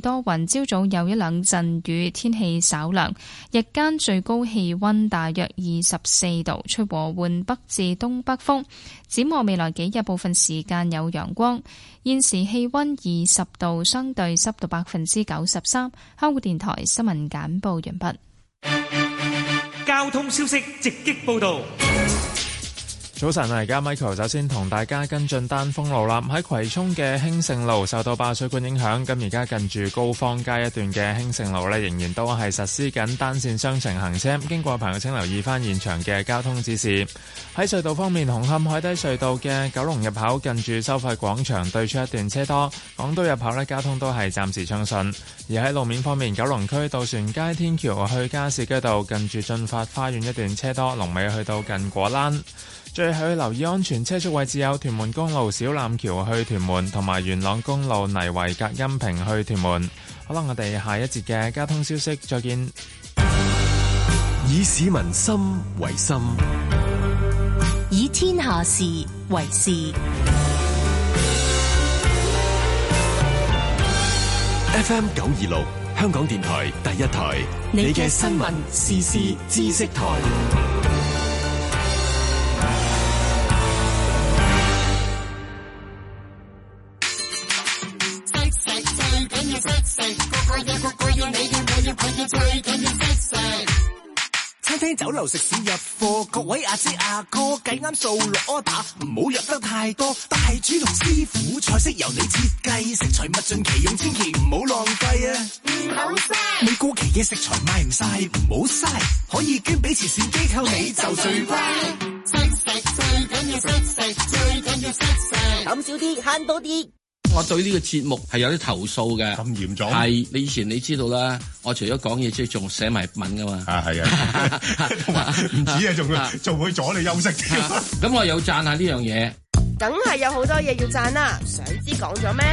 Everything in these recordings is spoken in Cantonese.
多雲，朝早有一兩陣雨，天氣稍涼，日間最高氣溫大約二十四度，吹和緩北至東北風。展望未來幾日，部分時間有陽光。現時氣溫二十度，相對濕度百分之九十三。香港電台新聞簡報完畢。交通消息直擊報道。早晨啊！而家 Michael 首先同大家跟進單封路啦。喺葵涌嘅興盛路受到爆水管影響，咁而家近住高芳街一段嘅興盛路咧，仍然都係實施緊單線雙程行車。經過朋友請留意翻現場嘅交通指示。喺隧道方面，紅磡海底隧道嘅九龍入口近住收費廣場對出一段車多；港島入口咧交通都係暫時暢順。而喺路面方面，九龍區渡船街天橋去加士居道近住駿發花園一段車多，龍尾去到近果欄。最好#要留意安全車速位置有屯門公路小欖橋去屯門，同埋元朗公路泥圍隔音屏去屯門。好啦，我哋下一節嘅交通消息再見。以市民心為心，以天下事為事。FM 九二六香港電台第一台，你嘅新聞時事知識台。最緊要識食餐廳、酒樓、食肆入貨，各位阿姐阿哥計啱數落 order，唔好入得太多。但係主動師傅菜式由你設計，食材物盡其用，千祈唔好浪費啊！唔好嘥，未過期嘅食材賣唔晒，唔好嘥，可以捐俾慈善機構，你就最乖。識食，最緊要識食，最緊要識食，減少啲，慳多啲。我對呢個節目係有啲投訴嘅，咁嚴重係你以前你知道啦，我除咗講嘢之外仲寫埋文噶嘛，啊係啊，同埋唔止啊，仲會仲會 阻你休息咁、啊、 我又讚有讚下呢樣嘢，梗係有好多嘢要讚啦。想知講咗咩？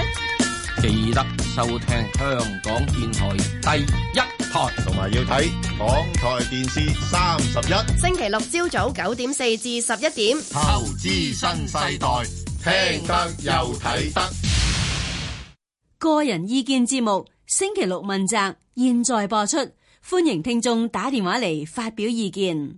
記得收聽香港電台第一台，同埋要睇港台電視三十一，星期六朝早九點四至十一點，投資新世代。1 聽得又睇得，個人意見節目，星期六問責，現在播出，歡迎聽眾打電話嚟發表意見。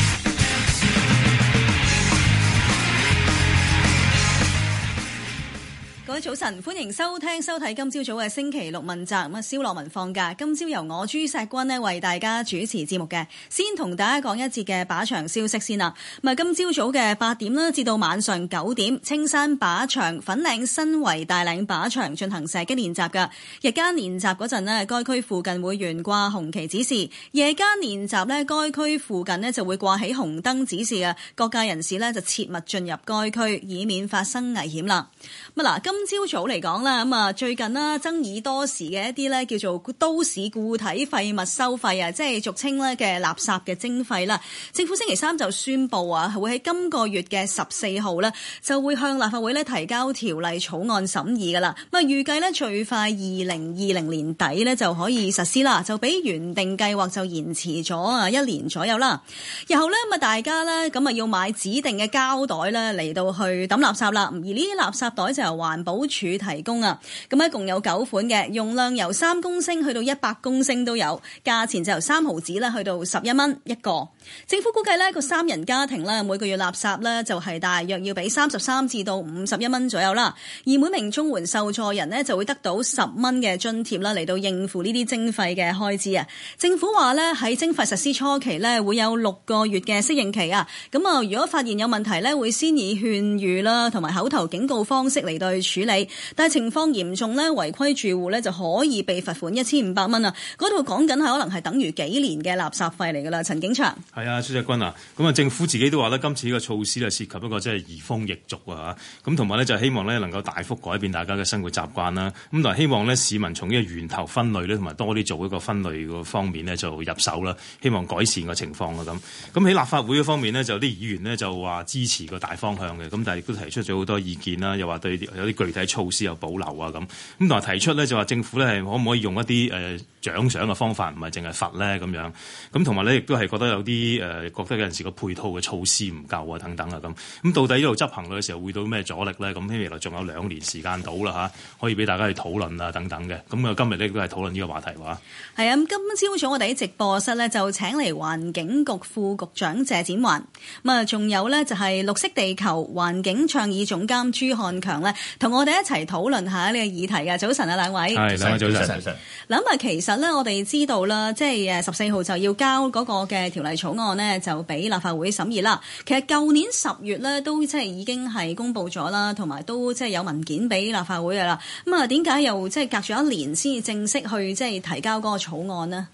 各位早晨，歡迎收聽收睇今朝早嘅星期六問責。咁啊，蕭洛汶放假，今朝由我朱錫君咧為大家主持節目嘅。先同大家講一節嘅靶場消息先啦。咁啊，今朝早嘅八點啦，至到晚上九點，青山靶場、粉嶺新圍大嶺靶場進行射擊練習噶。日間練習嗰陣咧，該區附近會懸掛紅旗指示；夜間練習咧，該區附近咧就會掛起紅燈指示啊。各界人士咧就切勿進入該區，以免發生危險啦。咁嗱，今朝早嚟講啦，咁啊最近啦，爭議多時嘅一啲咧叫做都市固體廢物收費啊，即係俗稱咧嘅垃圾嘅徵費啦。政府星期三就宣布啊，會喺今個月嘅十四號呢，就會向立法會呢提交條例草案審議噶啦。咁啊，預計呢，最快二零二零年底呢就可以實施啦，就比原定計劃就延遲咗啊一年左右啦。然後呢，咁啊，大家呢，咁啊要買指定嘅膠袋呢嚟到去抌垃圾啦。而呢啲垃圾袋就係環保。好處提供啊！咁一共有九款嘅，容量由三公升去到一百公升都有，價錢就由三毫紙去到十一蚊一個。政府估計呢個三人家庭呢，每個月垃圾呢，就係大約要俾三十三至到五十一蚊左右啦。而每名綜援受助人呢，就會得到十蚊嘅津貼啦，嚟到應付呢啲徵費嘅開支啊。政府話呢，喺徵費實施初期呢，會有六個月嘅適應期啊。咁啊，如果發現有問題呢，會先以勸喻啦，同埋口頭警告方式嚟對處。處理，但係情況嚴重咧，違規住戶咧就可以被罰款一千五百蚊啊！嗰度講緊係可能係等於幾年嘅垃圾費嚟噶啦，陳景祥。係啊，朱錫君啊，咁啊，政府自己都話咧，今次呢個措施啊，涉及一個即係移風易俗啊，咁同埋咧就希望咧能夠大幅改變大家嘅生活習慣啦，咁但係希望呢市民從呢個源頭分類咧，同埋多啲做一個分類個方面呢就入手啦，希望改善個情況啊，咁咁喺立法會嗰方面呢，就有啲議員呢就話支持個大方向嘅，咁但係亦都提出咗好多意見啦，又話對有啲巨。啲措施有保留啊，咁咁同埋提出咧就話政府咧係可唔可以用一啲誒獎賞嘅方法，唔係淨係罰咧咁樣。咁同埋咧亦都係覺得有啲、呃、覺得有陣時個配套嘅措施唔夠啊，等等啊咁。咁到底呢度執行嘅時候會到咩阻力咧？咁未來仲有兩年時間到啦嚇，可以俾大家去討論啊，等等嘅。咁啊今日咧亦都係討論呢個話題話。係啊，咁今朝早上我哋喺直播室咧就請嚟環境局副，副局長謝展寰，咁啊仲有咧就係綠惜地球環境倡議總監朱漢強咧，同我。我哋一齊討論下呢個議題啊。早晨啊，兩位係兩位早晨。嗱咁啊，其實咧，我哋知道啦，即係誒，十四號就要交嗰個嘅條例草案呢，就俾立法會審議啦。其實舊年十月咧，都即係已經係公布咗啦，同埋都即係有文件俾立法會噶啦。咁啊，點解又即係隔咗一年先至正式去即係提交嗰個草案呢？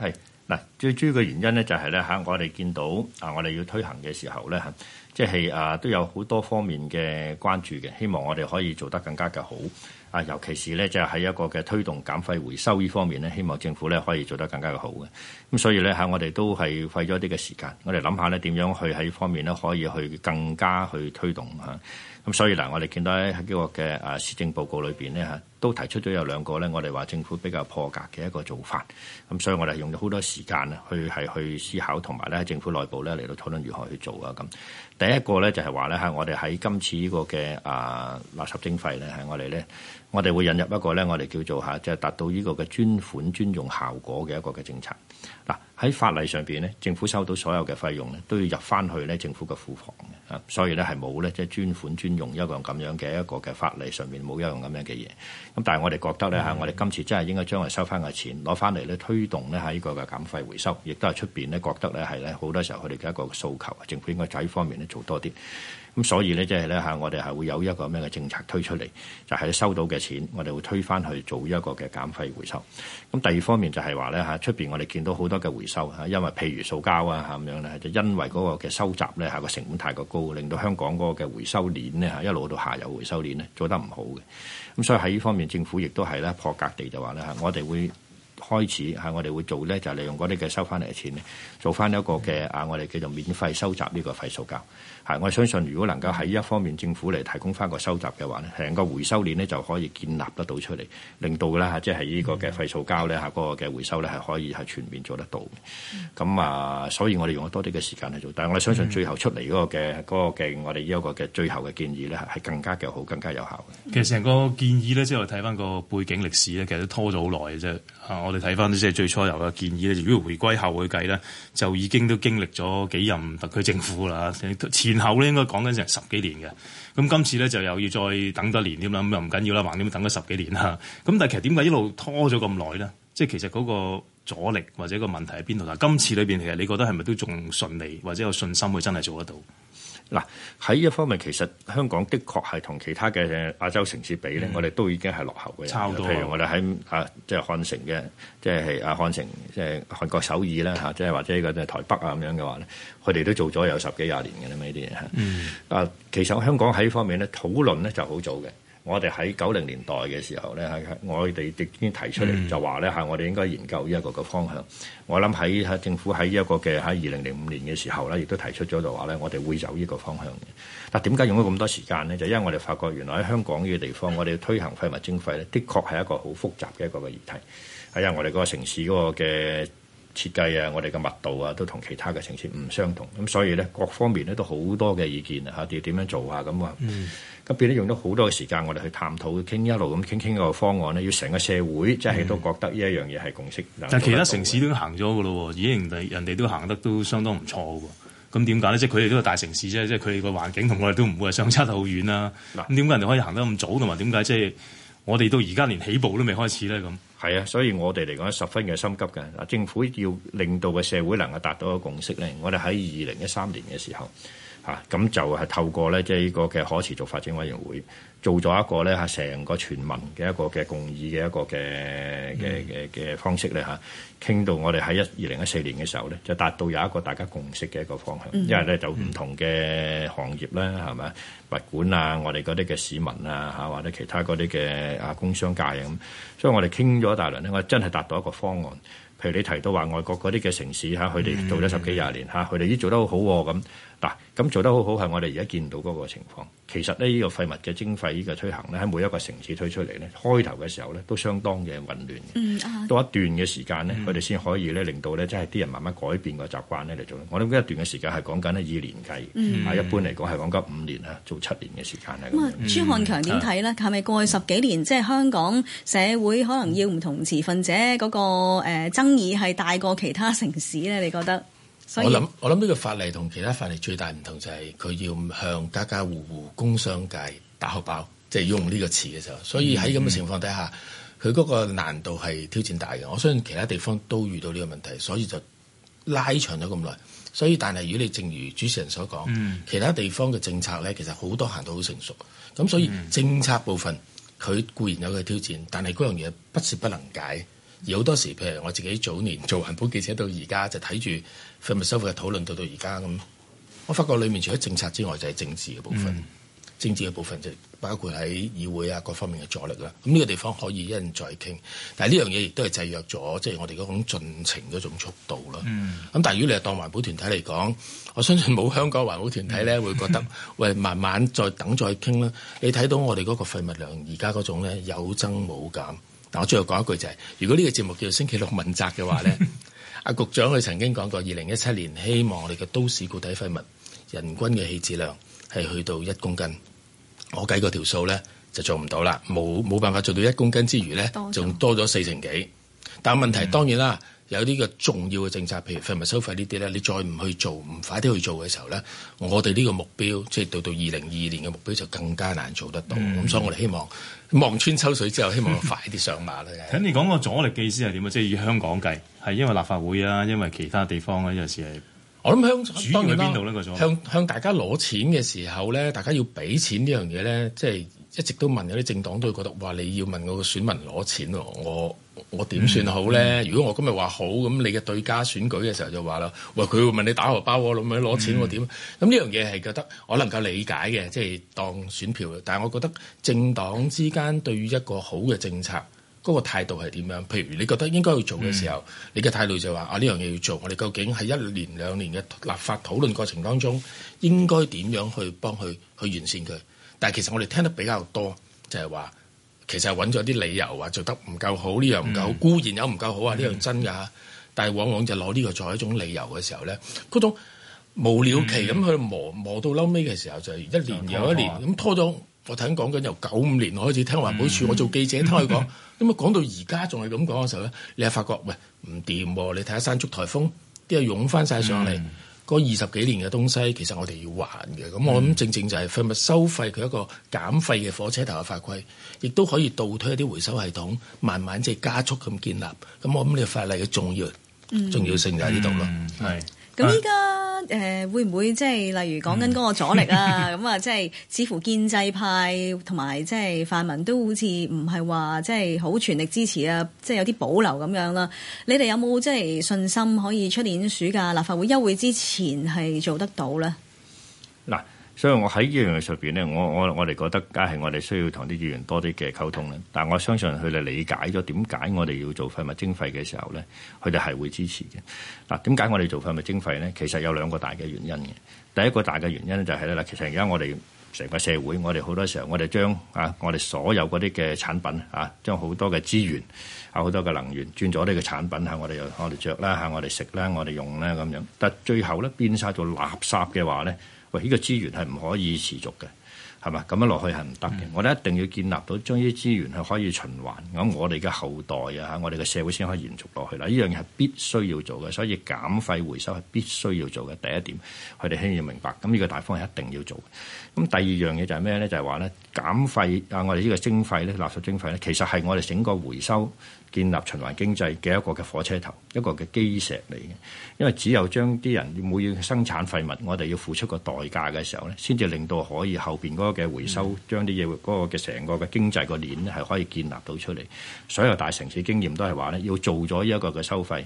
係嗱，最主要嘅原因咧，就係咧，吓我哋見到啊，我哋要推行嘅時候咧，吓。即係啊，都有好多方面嘅關注嘅，希望我哋可以做得更加嘅好啊！尤其是呢，就係一個嘅推動減廢回收呢方面呢，希望政府呢可以做得更加嘅好嘅。咁所以呢，喺我哋都係費咗啲嘅時間，我哋諗下呢點樣去喺方面呢可以去更加去推動嚇。咁所以嗱，我哋見到喺呢個嘅啊施政報告裏邊呢。嚇。都提出咗有兩個咧，我哋話政府比較破格嘅一個做法，咁所以我哋用咗好多時間啊，去係去思考同埋咧政府內部咧嚟到討論如何去做啊咁。第一個咧就係話咧嚇，我哋喺今次呢個嘅啊垃圾徵費咧，喺我哋咧，我哋會引入一個咧，我哋叫做吓，即係達到呢個嘅專款專用效果嘅一個嘅政策。嗱喺法例上邊咧，政府收到所有嘅費用咧，都要入翻去咧政府嘅庫房。啊、嗯，所以咧係冇咧，即係專款專用一個咁樣嘅一個嘅法例上面冇一樣咁樣嘅嘢。咁但係我哋覺得咧、嗯、我哋今次真係應該將個收翻嘅錢攞翻嚟咧推動咧喺呢個嘅減費回收，亦都係出面咧覺得咧係咧好多時候佢哋嘅一個訴求，政府應該喺呢方面咧做多啲。咁所以咧，即係咧，我哋係會有一個咩嘅政策推出嚟，就係收到嘅錢，我哋會推翻去做一個嘅減廢回收。咁第二方面就係話咧出面我哋見到好多嘅回收，因為譬如塑膠啊咁樣咧，就因為嗰個嘅收集咧嚇個成本太過高，令到香港嗰個嘅回收鏈咧，一路到下游回收鏈咧做得唔好嘅。咁所以喺呢方面，政府亦都係咧破格地就話咧我哋會開始，我哋會做咧就係利用嗰啲嘅收翻嚟嘅錢咧，做翻一個嘅啊，我哋叫做免費收集呢個廢塑膠。係，我相信，如果能夠喺依一方面政府嚟提供翻個收集嘅話咧，成個回收鏈咧就可以建立得到出嚟，令到咧嚇即係呢個嘅廢塑膠咧嚇嗰個嘅回收咧係可以係全面做得到嘅。咁啊、嗯，所以我哋用咗多啲嘅時間去做，但係我哋相信最後出嚟嗰、嗰個嘅嗰、嗰個嘅我哋呢一個嘅最後嘅建議咧係更加嘅好，更加有效嘅。其實成個建議咧，即係我睇翻個背景歷史咧，其實都拖咗好耐嘅啫。啊，我哋睇翻即係最初有嘅建議咧，如果回歸後去計咧。就已經都經歷咗幾任特區政府啦，前後咧應該講緊成十幾年嘅。咁今次咧就又要再等多年添啦，咁又唔緊要啦，橫掂等咗十幾年啦。咁但係其實點解一路拖咗咁耐咧？即係其實嗰個阻力或者個問題喺邊度啦？今次裏邊其實你覺得係咪都仲順利，或者有信心會真係做得到？嗱，喺呢一方面，其實香港的確係同其他嘅亞洲城市比咧，嗯、我哋都已經係落後嘅。差唔多，譬如我哋喺啊，即係漢城嘅，即係係啊漢城，即係韓國首爾啦吓，即係或者嗰啲台北啊咁樣嘅話咧，佢哋都做咗有十幾廿年嘅啦，呢啲嘢。嗯、啊，其實香港喺呢方面咧討論咧就好早嘅。我哋喺九零年代嘅時候咧，我哋已經提出嚟就話咧嚇，我哋應該研究呢一個嘅方向。我諗喺政府喺呢一個嘅喺二零零五年嘅時候咧，亦都提出咗就話咧，我哋會走呢個方向嘅。但點解用咗咁多時間咧？就因為我哋發覺原來喺香港呢個地方，我哋推行廢物徵費咧，的確係一個好複雜嘅一個嘅議題。係因為我哋個城市嗰個嘅設計啊，我哋嘅密度啊，都同其他嘅城市唔相同。咁所以咧，各方面咧都好多嘅意見啊嚇，要點樣做啊咁啊。咁變咧用咗好多嘅時間，我哋去探討、傾一路咁傾傾個方案咧，要成個社會即係都覺得呢一樣嘢係共識、嗯。但係其他城市都行咗嘅咯，已經人哋都行得都相當唔錯嘅喎。咁點解咧？即係佢哋都係大城市啫，即係佢哋個環境同我哋都唔會係相差得好遠啦。咁點解人哋可以行得咁早同埋點解即係我哋到而家連起步都未開始咧？咁係啊，所以我哋嚟講十分嘅心急嘅。政府要令到個社會能夠達到個共識咧，我哋喺二零一三年嘅時候。咁、啊、就係透過咧，即係呢個嘅可持續發展委員會做咗一個咧，嚇成個全民嘅一個嘅共議嘅一個嘅嘅嘅嘅方式咧嚇，傾、啊、到我哋喺一二零一四年嘅時候咧，就達到有一個大家共識嘅一個方向，嗯、因為咧就唔同嘅行業啦，係咪、嗯、物管啊，我哋嗰啲嘅市民啊或者其他嗰啲嘅啊工商界咁、啊，所以我哋傾咗大輪咧，我真係達到一個方案。譬如你提到話外國嗰啲嘅城市嚇，佢、啊、哋做咗十幾廿年佢哋已經做得好好喎咁。啊嗱，咁做得好好係我哋而家見到嗰個情況。其實呢呢個廢物嘅徵費呢個推行咧，喺每一個城市推出嚟咧，開頭嘅時候咧，都相當嘅混亂。嗯到、啊、一段嘅時間咧，佢哋先可以咧，令到咧，即係啲人慢慢改變個習慣咧嚟做。我諗一段嘅時間係講緊呢以年計，啊、嗯，一般嚟講係講緊五年啊，做七年嘅時間啊。咁啊、嗯，朱、嗯、漢強點睇咧？係咪過去十幾年、嗯、即係香港社會可能要唔同持份者嗰、那個、呃、爭議係大過其他城市咧？你覺得？我諗我諗呢個法例同其他法例最大唔同就係佢要向家家戶戶、工商界打荷包，即係用呢個詞嘅時候。所以喺咁嘅情況底下，佢嗰、嗯嗯、個難度係挑戰大嘅。我相信其他地方都遇到呢個問題，所以就拉長咗咁耐。所以但係如果你正如主持人所講，嗯、其他地方嘅政策呢，其實好多行到好成熟。咁所以政策部分，佢固然有個挑戰，但係嗰樣嘢不是不能解。而好多時，譬如我自己早年做環保記者到，到而家就睇住廢物收費嘅討論，到到而家咁，我發覺裏面除咗政策之外，就係、是、政治嘅部分。嗯、政治嘅部分就係包括喺議會啊各方面嘅阻力啦。咁呢個地方可以一陣再傾。但係呢樣嘢亦都係制約咗，即、就、係、是、我哋嗰種進程嗰種速度啦。咁、嗯、但係如果你係當環保團體嚟講，我相信冇香港環保團體咧會覺得，喂，慢慢再等再傾啦。嗯、你睇到我哋嗰個廢物量而家嗰種咧有增冇減。我最後講一句就係、是，如果呢個節目叫做星期六問責嘅話咧，阿 局長佢曾經講過，二零一七年希望我哋嘅都市固體廢物人均嘅棄置量係去到一公斤，我計過條數咧就做唔到啦，冇冇辦法做到一公斤之餘咧，仲多咗四成幾，但問題當然啦。嗯有啲嘅重要嘅政策，譬如廢物收費呢啲咧，你再唔去做，唔快啲去做嘅時候咧，我哋呢個目標，即係到到二零二二年嘅目標就更加難做得到。咁、嗯、所以，我哋希望望穿秋水之後，希望快啲上馬咧。聽、嗯、你講個阻力意思係點啊？即、就、係、是、以香港計，係因為立法會啊，因為其他地方咧有時係。我諗香主要喺邊度咧？個向當然向，向大家攞錢嘅時候咧，大家要俾錢呢樣嘢咧，即係。一直都問有啲政黨都會覺得話，你要問我個選民攞錢，我我點算好呢？嗯嗯、如果我今日話好咁，你嘅對家選舉嘅時候就話啦，喂，佢會問你打荷包，攞你攞錢、嗯、我點咁呢樣嘢，係覺得我能夠理解嘅，即係、嗯、當選票。但係我覺得政黨之間對於一個好嘅政策嗰、嗰個態度係點樣？譬如你覺得應該要做嘅時候，嗯、你嘅態度就話啊，呢樣嘢要做，我哋究竟喺一年兩年嘅立法討論過程當中應該點樣去幫佢去完善佢？但係其實我哋聽得比較多，就係話其實揾咗啲理由話做得唔夠好，呢樣唔夠好，嗯、固然有唔夠好啊，呢、這、樣、個、真噶、嗯、但係往往就攞呢個作為一種理由嘅時候咧，嗰種無了期咁去磨磨到撈尾嘅時候，嗯、時候就一年就又一年咁拖咗。我頭先講緊由九五年我開始聽環保署，我做記者、嗯、聽佢講，咁啊講到而家仲係咁講嘅時候咧，你係發覺喂唔掂、啊？你睇下山竹颱風啲嘢湧翻晒上嚟。嗯個嗰二十幾年嘅東西，其實我哋要還嘅，咁我諗正正就係廢物收費佢一個減廢嘅火車頭嘅法規，亦都可以倒推一啲回收系統，慢慢即係加速咁建立，咁我諗呢個法例嘅重要重要性就喺呢度咯，嗯，係。咁依家誒會唔會即係例如講緊嗰個阻力啊？咁啊、嗯，即 係似乎建制派同埋即係泛民都好似唔係話即係好全力支持啊，即係有啲保留咁樣啦，啊。你哋有冇即係信心可以出年暑假立法會休會之前係做得到咧？嗱。所以我喺呢樣嘢上邊，咧，我我我哋覺得，梗係我哋需要同啲議員多啲嘅溝通咧。但係我相信佢哋理解咗點解我哋要做廢物徵費嘅時候咧，佢哋係會支持嘅嗱。點解我哋做廢物徵費咧？其實有兩個大嘅原因嘅。第一個大嘅原因咧就係咧嗱，其實而家我哋成個社會，我哋好多時候我哋將啊我哋所有嗰啲嘅產品啊，將好多嘅資源啊好多嘅能源轉咗呢個產品喺我哋又我哋着啦，喺我哋食啦，我哋用啦咁樣，但最後咧變晒做垃圾嘅話咧。喂，呢個資源係唔可以持續嘅，係嘛？咁樣落去係唔得嘅。嗯、我哋一定要建立到將呢啲資源係可以循環，咁我哋嘅後代啊，嚇我哋嘅社會先可以延續落去啦。呢樣嘢係必須要做嘅，所以減廢回收係必須要做嘅第一點，佢哋需要明白。咁呢個大方向一定要做的。嘅。咁第二樣嘢就係咩咧？就係話咧減廢啊！我哋呢個徵費咧，垃圾徵費咧，其實係我哋整個回收。建立循環經濟嘅一個嘅火車頭，一個嘅基石嚟嘅。因為只有將啲人每要生產廢物，我哋要付出個代價嘅時候咧，先至令到可以後邊嗰個嘅回收，將啲嘢嗰個嘅成個嘅經濟個鏈係可以建立到出嚟。所有大城市經驗都係話咧，要做咗一個嘅收費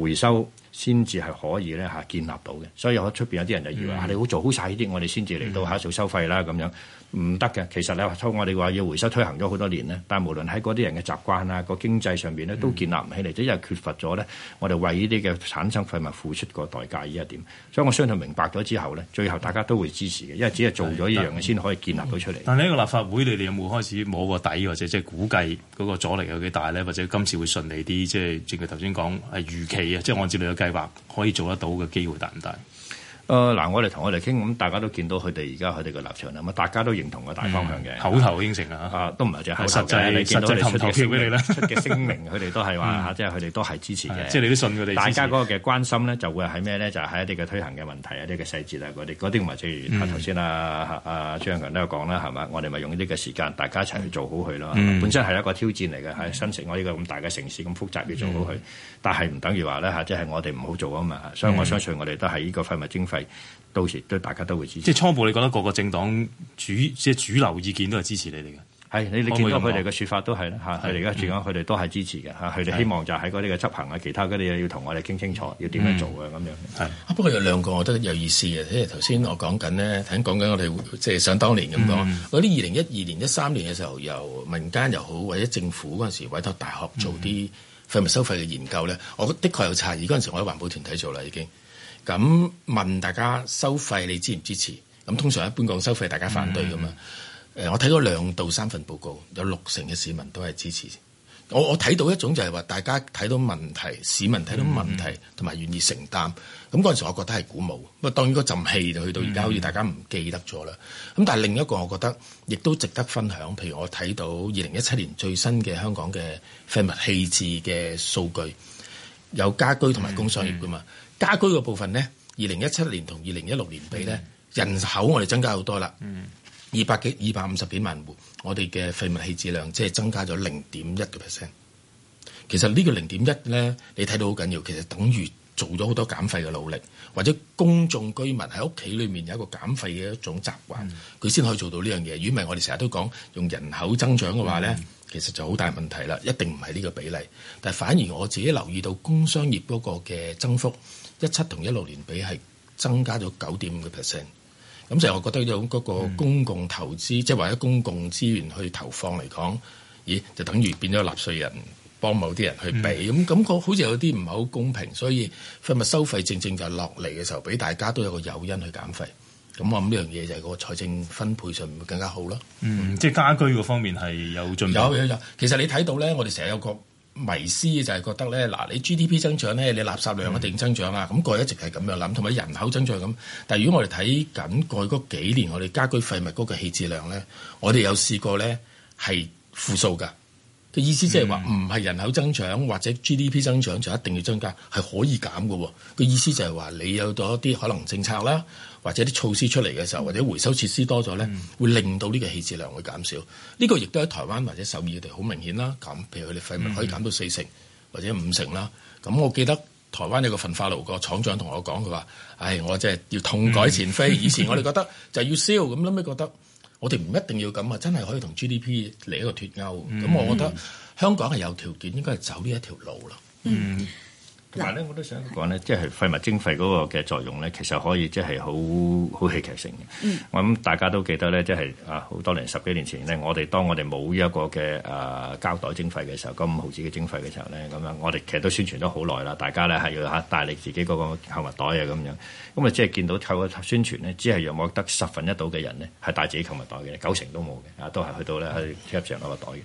回收。先至係可以咧建立到嘅，所以我出面有啲人就以為、嗯、啊，你好做好晒呢啲，我哋先至嚟到下做收費啦咁樣，唔得嘅。其實咧，我哋話要回收推行咗好多年咧，但係無論喺嗰啲人嘅習慣啊、個經濟上面咧，都建立唔起嚟，即係、嗯、缺乏咗咧，我哋為呢啲嘅產生廢物付出個代價依一點。所以我相信明白咗之後咧，最後大家都會支持嘅，因為只係做咗呢樣嘢先可以建立到出嚟。但呢喺個立法會，你哋有冇開始摸個底，或者即係估計嗰個阻力有幾大咧，或者今次會順利啲？即係正如頭先講係預期啊，即係按照你計劃可以做得到嘅機會，大唔大？誒嗱、呃，我哋同我哋傾咁，大家都見到佢哋而家佢哋嘅立場啦。咁大家都認同個大方向嘅、嗯，口頭應承嚇，啊都唔係就口頭，實際你見到投票俾你啦。出嘅聲明佢哋都係話，即係佢哋都係支持嘅。即係你都信佢哋。大家嗰個嘅關心咧，就會係咩咧？就係一啲嘅推行嘅問題啊，啲嘅細節啊，嗰啲嗰啲唔係，如頭先啊，阿漢強都有講啦，係嘛？我哋咪用呢個時間，大家一齊去做好佢咯。嗯、本身係一個挑戰嚟嘅，喺新城我呢、這個咁大嘅城市咁複雜，要做好佢，嗯、但係唔等於話咧嚇，即、啊、係、就是、我哋唔好做啊嘛。嗯、所以我相信我哋都係呢個廢物徵。到時都大家都會支持，即係初步你覺得個個政黨主即係主流意見都係支持你哋嘅？係，你你見到佢哋嘅説法都係啦，嚇佢哋而家住緊，主要佢哋都係支持嘅，嚇佢哋希望就喺嗰啲嘅執行啊，其他嗰啲嘢要同我哋傾清楚，要點樣做嘅咁樣。不過有兩個我覺得有意思嘅，即係頭先我講緊咧，喺講緊我哋即係想當年咁講嗰啲二零一二年、一三年嘅時候，由民間又好或者政府嗰陣時委託大學做啲廢物收費嘅研究咧，我覺得的確有差異。嗰陣時我喺環保團體做啦，已經。咁問大家收費，你支唔支持？咁通常一般講收費，大家反對噶嘛？嗯嗯，我睇咗兩到三份報告，有六成嘅市民都係支持。我我睇到一種就係話，大家睇到問題，市民睇到問題，同埋、嗯嗯、願意承擔。咁嗰陣時，我覺得係鼓舞。咁當然，個陣氣就去到而家，嗯嗯、好似大家唔記得咗啦。咁但係另一個，我覺得亦都值得分享。譬如我睇到二零一七年最新嘅香港嘅廢物棄置嘅數據，有家居同埋工商業噶嘛？嗯嗯嗯家居嘅部分呢，二零一七年同二零一六年比呢，嗯、人口我哋增加好多啦，二百、嗯、幾二百五十幾萬戶，我哋嘅廢物棄置量即係增加咗零點一個 percent。其實呢個零點一呢，你睇到好緊要，其實等於做咗好多減廢嘅努力，或者公眾居民喺屋企裏面有一個減廢嘅一種習慣，佢先、嗯、可以做到呢樣嘢。如果唔係，我哋成日都講用人口增長嘅話呢，嗯、其實就好大問題啦，一定唔係呢個比例。但反而我自己留意到工商業嗰個嘅增幅。一七同一六年比係增加咗九點五個 percent，咁就我覺得有嗰個公共投資，即係、嗯、或者公共資源去投放嚟講，咦就等於變咗納稅人幫某啲人去避。咁感覺好似有啲唔係好公平，所以廢物收費正正就落嚟嘅時候，俾大家都有個誘因去減廢。咁啊呢樣嘢就係個財政分配上會更加好咯。嗯，嗯即係家居嗰方面係有進步。有有有，其實你睇到咧，我哋成日有個。迷思就係覺得咧，嗱你 GDP 增長咧，你垃圾量一定增長啦。咁個、嗯、一直係咁樣諗，同埋人口增長咁。但係如果我哋睇緊過去嗰幾年，我哋家居廢物嗰個棄置量咧，我哋有試過咧係負數噶。嘅、嗯、意思即係話唔係人口增長或者 GDP 增長就一定要增加，係可以減嘅喎。個意思就係話你有咗一啲可能政策啦。或者啲措施出嚟嘅時候，或者回收設施多咗咧，會令到呢個棄置量會減少。呢、這個亦都喺台灣或者首爾地好明顯啦。咁譬如佢哋廢物可以減到四成，嗯、或者五成啦。咁我記得台灣有個焚化爐個廠長同我講，佢話：唉、哎，我即係要痛改前非。嗯、以前我哋覺得就要燒，咁後尾覺得我哋唔一定要咁啊！真係可以同 GDP 嚟一個脱鈎。咁、嗯、我覺得香港係有條件應該係走呢一條路啦嗯。嗯同咧，我都想講咧，即係廢物徵費嗰個嘅作用咧，其實可以即係好好戲劇性嘅。嗯、我諗大家都記得咧，即係啊，好多年十幾年前咧，我哋當我哋冇一個嘅誒、啊、膠袋徵費嘅時候，嗰五毫子嘅徵費嘅時候咧，咁樣我哋其實都宣傳咗好耐啦。大家咧係要帶埋自己嗰個購物袋啊，咁樣咁啊，即係見到透過宣傳咧，只係讓我得十分一到嘅人咧係帶自己購物袋嘅，九成都冇嘅啊，都係去到咧喺桌上嗰個袋嘅。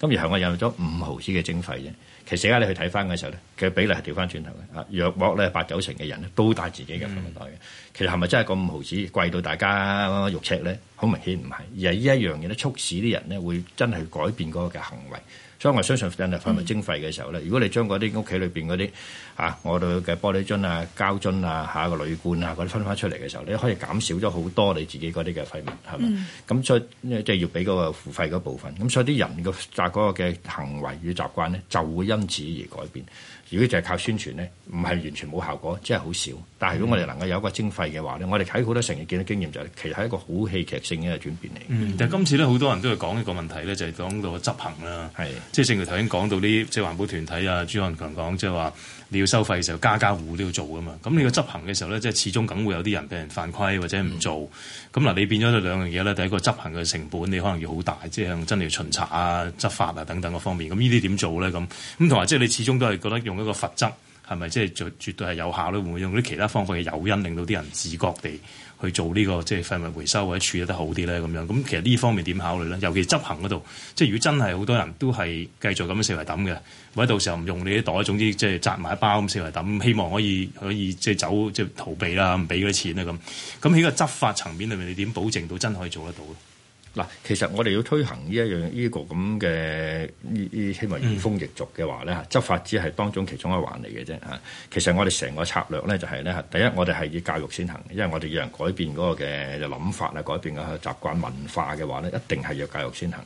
咁然後我引入咗五毫子嘅徵費啫。其實而家你去睇翻嘅時候咧，嘅比例係調翻轉頭嘅。啊，約莫咧八九成嘅人咧都帶自己嘅廢物袋嘅，嗯、其實係咪真係個五毫子貴到大家肉赤咧？好明顯唔係，而係呢一樣嘢咧，促使啲人咧會真係改變嗰個嘅行為。所以我相信人係廢物徵費嘅時候咧，嗯、如果你將嗰啲屋企裏面嗰啲，嚇、啊！我哋嘅玻璃樽啊、膠樽啊、嚇個鋁罐啊，嗰啲分翻出嚟嘅時候，你可以減少咗好多你自己嗰啲嘅廢物，係嘛？咁所以、嗯、即係要俾嗰個付費嗰部分，咁所以啲人嘅揸嗰個嘅行為與習慣咧，就會因此而改變。如果就係靠宣傳咧，唔係完全冇效果，即係好少。但係如果我哋能夠有一個徵費嘅話咧，嗯、我哋睇好多成日見到經驗就係、是、其實係一個好戲劇性嘅轉變嚟。但係今次咧好多人都係講一個問題咧，就係、是、講到執行啦，係的即係正如頭先講到啲即係環保團體啊，朱漢強講即係話。就是你要收費嘅時候，家家戶戶都要做噶嘛。咁你個執行嘅時候咧，即係始終梗會有啲人俾人犯規或者唔做。咁嗱、嗯，你變咗兩樣嘢咧。第一個執行嘅成本，你可能要好大，即係向真係要巡查啊、執法啊等等個方面。咁呢啲點做咧？咁咁同埋即係你始終都係覺得用一個罰則係咪即係絕絕對係有效咧？會唔會用啲其他方法嘅誘因令到啲人自覺地？去做呢個即係廢物回收或者處理得好啲咧咁樣，咁其實呢方面點考慮咧？尤其執行嗰度，即係如果真係好多人都係繼續咁樣四圍抌嘅，或者到時候唔用你啲袋，總之即係紮埋一包咁四圍抌，希望可以可以即係走即係逃避啦，唔俾嗰啲錢咧咁。咁喺個執法層面裏面，你點保證到真可以做得到咧？嗱，其實我哋要推行呢一樣呢個咁嘅呢呢，希望移風易俗嘅話咧，執法只係當中其中一環嚟嘅啫嚇。其實我哋成個策略咧就係、是、咧，第一我哋係以教育先行，因為我哋要人改變嗰個嘅諗法啊，改變個習慣文化嘅話咧，一定係要教育先行。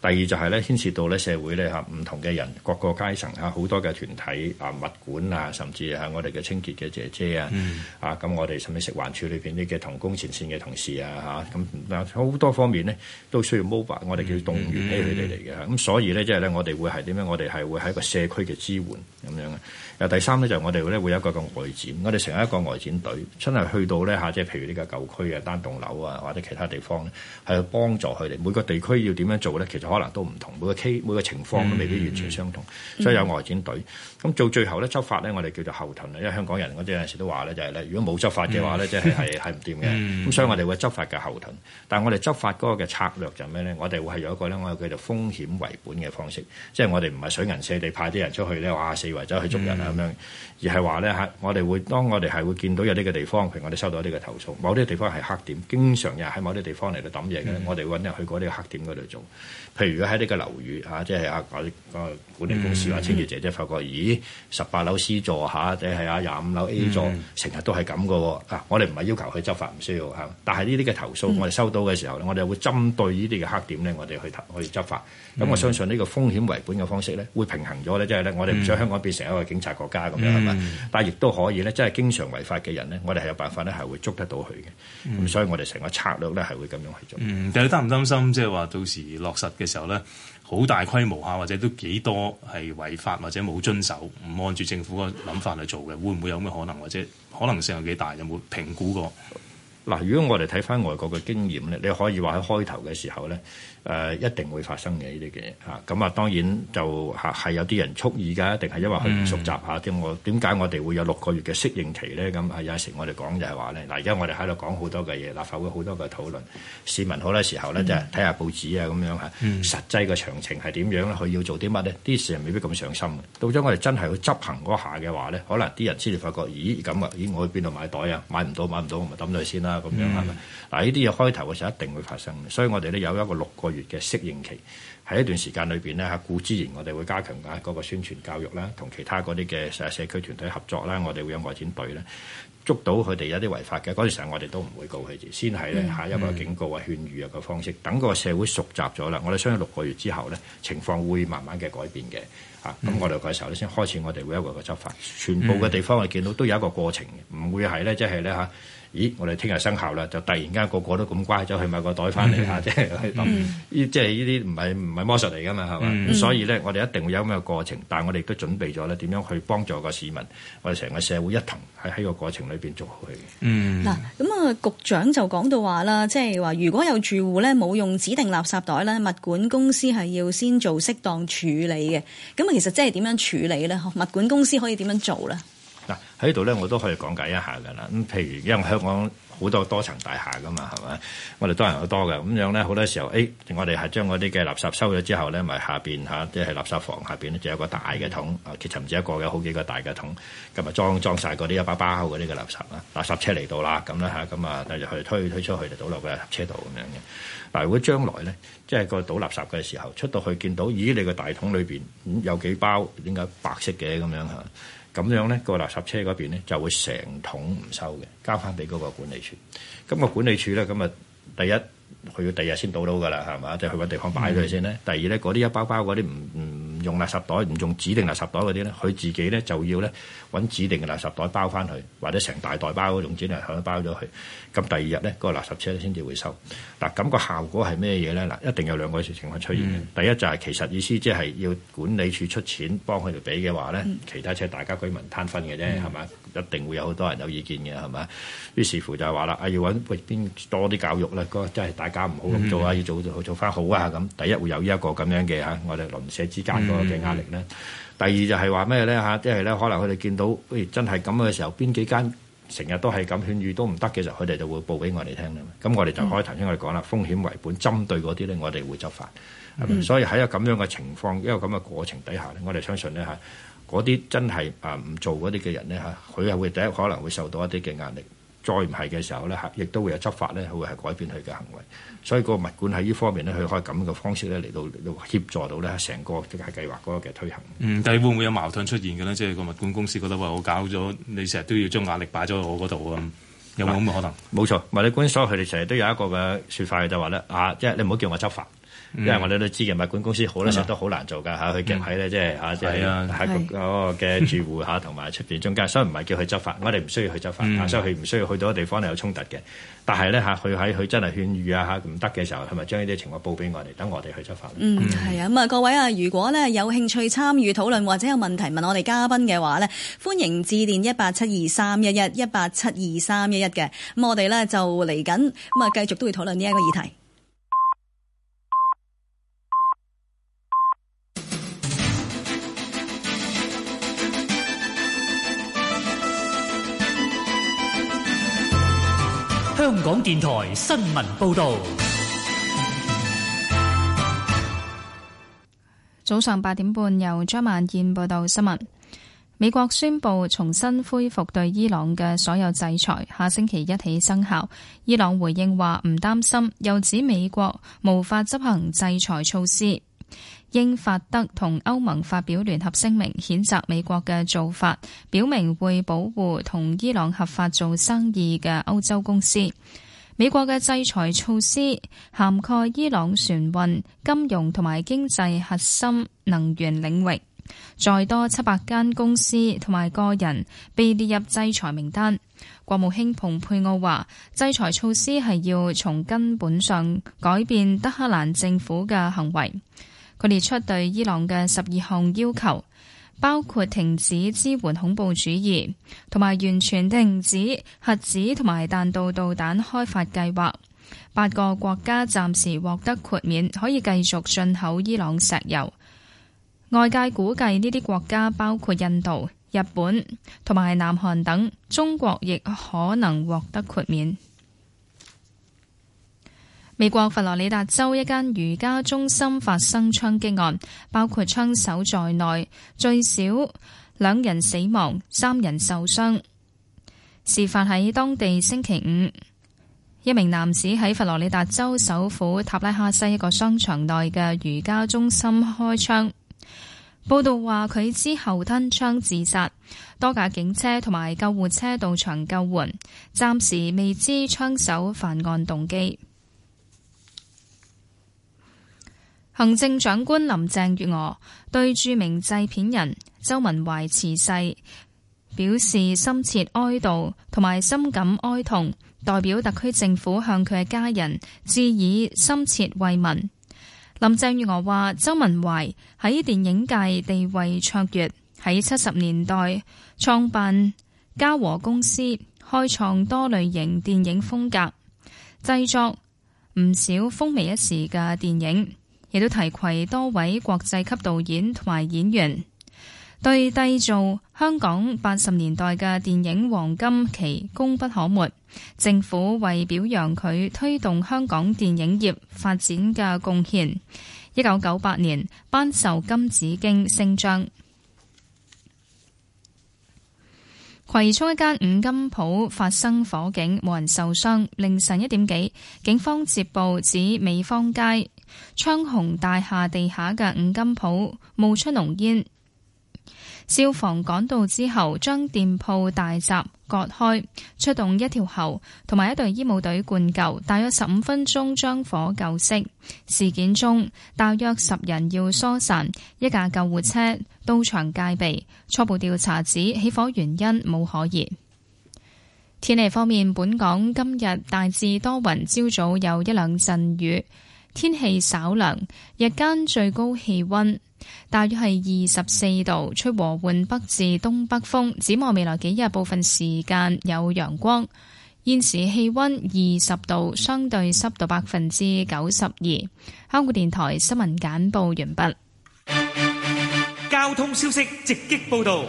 第二就係咧牽涉到咧社會咧唔同嘅人各個階層嚇，好多嘅團體啊、物管啊，甚至係我哋嘅清潔嘅姐姐啊，啊咁、嗯、我哋甚至食環處裏面啲嘅同工前線嘅同事啊咁好多方面咧。都需要 mobile，我哋叫動員起佢哋嚟嘅，咁所以呢即係呢，我哋會係點樣？我哋係會喺一個社區嘅支援咁樣。第三咧就係、我哋咧會有一個個外展，我哋成一個外展隊，真係去到咧嚇，即係譬如呢個舊區啊、單棟樓啊或者其他地方咧，係幫助佢哋。每個地區要點樣做咧，其實可能都唔同，每個區每個情況都未必完全相同，嗯嗯、所以有外展隊。咁、嗯、做最後咧執法咧，我哋叫做後盾啊，因為香港人有陣時都話咧就係、是、咧，如果冇執法嘅話咧，即係係係唔掂嘅。咁、就是嗯、所以我哋會執法嘅後盾，但係我哋執法嗰個嘅策略就係咩咧？我哋會係有一個咧，我哋叫做風險為本嘅方式，即、就、係、是、我哋唔係水銀瀉地派啲人出去咧，哇、啊、四圍走去捉人啊！嗯嗯咁樣，而係話咧嚇，我哋會當我哋係會見到有呢個地方，譬如我哋收到呢個投訴，某啲地方係黑點，經常有人喺某啲地方嚟到揼嘢嘅，是的 我哋搵人去嗰啲黑點嗰度做。譬如喺呢個樓宇嚇，即係啊嗰個、就是、管理公司啊、嗯、清潔姐姐發覺，咦，十八樓 C 座嚇，定係啊廿五樓 A 座，成日、嗯、都係咁嘅喎。啊，我哋唔係要求佢去執法，唔需要嚇。但係呢啲嘅投訴，我哋收到嘅時候我哋會針對呢啲嘅黑點咧，我哋去去執法。咁我相信呢個風險為本嘅方式咧，會平衡咗咧，即係咧，我哋唔想香港變成一個警察國家咁、嗯、樣，係嘛？但係亦都可以咧，即係經常違法嘅人咧，我哋係有辦法咧，係會捉得到佢嘅。咁、嗯、所以我哋成個策略咧係會咁樣去做、嗯。但係擔唔擔心即係話到時落實嘅時候咧，好大規模下，或者都幾多係違法或者冇遵守，唔按住政府嘅諗法去做嘅，會唔會有咩可能，或者可能性有幾大？有冇評估過？嗱，如果我哋睇翻外國嘅經驗咧，你可以話喺開頭嘅時候咧。誒一定會發生嘅呢啲嘅嚇，咁啊當然就係係有啲人蓄意㗎，定係因為佢唔熟習下啫。啊、為什麼我點解我哋會有六個月嘅適應期咧？咁、啊、係、啊、有時我哋講就係話咧，嗱而家我哋喺度講好多嘅嘢，立法會好多嘅討論，市民好多時候咧就係睇下報紙啊咁樣嚇，實際嘅詳情係點樣咧？佢要做啲乜咧？啲市民未必咁上心。到咗我哋真係去執行嗰下嘅話咧，可能啲人先至發覺，咦咁啊？咦我去邊度買袋啊？買唔到買唔到，我咪抌咗先啦咁樣係咪？嗱呢啲嘢開頭嘅時候一定會發生嘅，所以我哋咧有一個六個月嘅適應期喺一段時間裏邊咧，固然我哋會加強緊嗰個宣傳教育啦，同其他嗰啲嘅誒社區團體合作啦，我哋會有外展隊咧，捉到佢哋有啲違法嘅嗰陣時我哋都唔會告佢哋，先係咧嚇一個警告啊、勸喻啊個方式。等個社會熟習咗啦，我哋相信六個月之後咧，情況會慢慢嘅改變嘅啊。咁我哋個時候咧先開始，我哋會有一個,一,個一個執法，全部嘅地方我哋見到都有一個過程，唔會係咧即係咧嚇。就是咦！我哋聽日生效啦，就突然間個個都咁乖，咗，去買個袋翻嚟嚇，即係咁。即係呢啲唔係唔係魔術嚟噶嘛，係嘛？嗯、所以咧，我哋一定會有咁嘅過程，但係我哋都準備咗咧，點樣去幫助個市民，我哋成個社會一同喺喺個過程裏邊做去。嗱、嗯，咁啊，局長就講到話啦，即係話如果有住戶咧冇用指定垃圾袋咧，物管公司係要先做適當處理嘅。咁啊，其實即係點樣處理咧？物管公司可以點樣做咧？嗱喺呢度咧，我都可以講解一下嘅啦。咁譬如，因為香港好多多層大廈噶嘛，係咪？我哋多人好多嘅咁樣咧，好多時候誒、哎，我哋係將嗰啲嘅垃圾收咗之後咧，咪、就是、下邊嚇，即係垃圾房下邊咧，就有個大嘅桶啊，其實唔止一個，有好幾個大嘅桶咁啊，裝裝晒嗰啲一包包嗰啲嘅垃圾啦。垃圾車嚟到啦，咁啦嚇，咁啊，就去推推出去就倒落個垃圾車度咁樣嘅。嗱，如果將來咧，即、就、係、是、個倒垃圾嘅時候出到去見到，咦，你個大桶裏邊有幾包？點解白色嘅咁樣嚇？咁樣咧，個垃圾車嗰邊咧就會成桶唔收嘅，交翻俾嗰個管理處。咁、個管理處咧，咁啊，第一佢要第日先倒到噶啦，係嘛？即、就、係、是、去搵地方擺咗佢先咧。嗯、第二咧，嗰啲一包包嗰啲唔唔用垃圾袋、唔用指定垃圾袋嗰啲咧，佢自己咧就要咧搵指定嘅垃圾袋包翻佢，或者成大袋包嗰種指定嚟響包咗佢。咁第二日咧，個垃圾車先至回收。嗱，咁個效果係咩嘢咧？嗱，一定有兩個情況出現嘅。Mm hmm. 第一就係、是、其實意思即係要管理處出錢幫佢哋俾嘅話咧，mm hmm. 其他車大家居民攤分嘅啫，係嘛、mm hmm.？一定會有好多人有意見嘅，係嘛？於是乎就係話啦，要搵邊多啲教育呢？個即係大家唔好咁做啊，要，那個、要做、mm hmm. 要做翻好啊咁。第一會有呢一個咁樣嘅我哋鄰舍之間個嘅壓力咧。Mm hmm. 第二就係話咩咧即係咧可能佢哋見到喂、哎、真係咁嘅時候，邊幾間？成日都係咁勸喻都唔得嘅時候，佢哋就會報俾我哋聽啦。咁我哋就可以頭先我哋講啦，風險為本，針對嗰啲咧，我哋會執法。嗯、係唔係？所以喺一個咁樣嘅情況，一個咁嘅過程底下咧，我哋相信咧嗰啲真係啊唔做嗰啲嘅人咧，佢係會第一可能會受到一啲嘅壓力。再唔係嘅時候咧，亦都會有執法咧，佢會係改變佢嘅行為。所以個物管喺呢方面咧，佢可以咁嘅方式咧嚟到嚟協助到咧成個即係計劃嗰個嘅推行。嗯，但係會唔會有矛盾出現嘅咧？即係個物管公司覺得話，我搞咗，你成日都要將壓力擺咗喺我嗰度啊？嗯嗯、有冇咁嘅可能？冇錯，物管所佢哋成日都有一個嘅說法就係啊，就話咧啊，即係你唔好叫我執法。.嗯、因為我哋都知嘅物管公司好多時候都好難做㗎嚇，佢夾喺咧即係嚇即係啦，喺、嗯、個的個嘅的住戶嚇同埋出邊中間，所以唔係叫佢執法， 我哋唔需要去執法，嗯、所以佢唔需要去到個地方有衝突嘅。但係咧嚇，佢喺佢真係勸喻啊嚇，唔得嘅時候，係咪將呢啲情況報俾我哋，等我哋去執法？嗯，係啊咁啊，各位啊，如果呢，有興趣參與討論或者有問題問我哋嘉賓嘅話呢，歡迎致電一八七二三一一一八七二三一一嘅。咁我哋呢，就嚟緊咁啊，繼續都會討論呢一個議題。香港電台新聞報道，早上八點半由張萬燕報道新聞。美國宣佈重新恢復對伊朗嘅所有制裁，下星期一起生效。伊朗回應話唔擔心，又指美國無法執行制裁措施。英、法、德同歐盟發表聯合聲明，譴責美國嘅做法，表明會保護同伊朗合法做生意嘅歐洲公司。美國嘅制裁措施涵蓋伊朗船運、金融同埋經濟核心能源領域，再多七百間公司同埋個人被列入制裁名單。國務卿蓬佩奧話，制裁措施係要從根本上改變德黑蘭政府嘅行為。佢列出對伊朗嘅十二項要求，包括停止支援恐怖主義，同埋完全停止核子同埋彈道導彈開發計劃。八個國家暫時獲得豁免，可以繼續進口伊朗石油。外界估計呢啲國家包括印度、日本同埋南韓等，中國亦可能獲得豁免。美國佛羅里達州一間瑜伽中心發生槍擊案，包括槍手在內，最少兩人死亡，三人受傷。事發喺當地星期五，一名男子喺佛羅里達州首府塔拉哈西一個商場內嘅瑜伽中心開槍。報道話佢之後吞槍自殺。多架警車同埋救護車到場救援，暫時未知槍手犯案動機。行政長官林鄭月娥對著名製片人周文懷辭世表示深切哀悼，同埋深感哀痛，代表特區政府向佢嘅家人致以深切慰問。林鄭月娥話：周文懷喺電影界地位卓越，喺七十年代創辦嘉禾公司，開創多類型電影風格，製作唔少風靡一時嘅電影。亦都提携多位國際級導演同埋演員，對締造香港八十年代嘅電影黃金期功不可沒。政府為表揚佢推動香港電影業發展嘅貢獻，一九九八年頒授金紫荊星章。葵涌一間五金鋪發生火警，冇人受傷。凌晨一點幾，警方接報指美芳街。昌鴻大廈地下嘅五金鋪冒出濃煙，消防趕到之後將店鋪大閘割開，出動一條喉同埋一隊醫務隊灌救，大約十五分鐘將火救熄。事件中大約十人要疏散，一架救護車到場戒備。初步調查指起火原因冇可疑。天氣方面，本港今日大致多雲，朝早有一兩陣雨。天氣稍涼，日間最高氣溫大約係二十四度，吹和緩北至東北風。展望未來幾日，部分時間有陽光。現時氣溫二十度，相對濕度百分之九十二。香港電台新聞簡報完畢。交通消息直擊報道。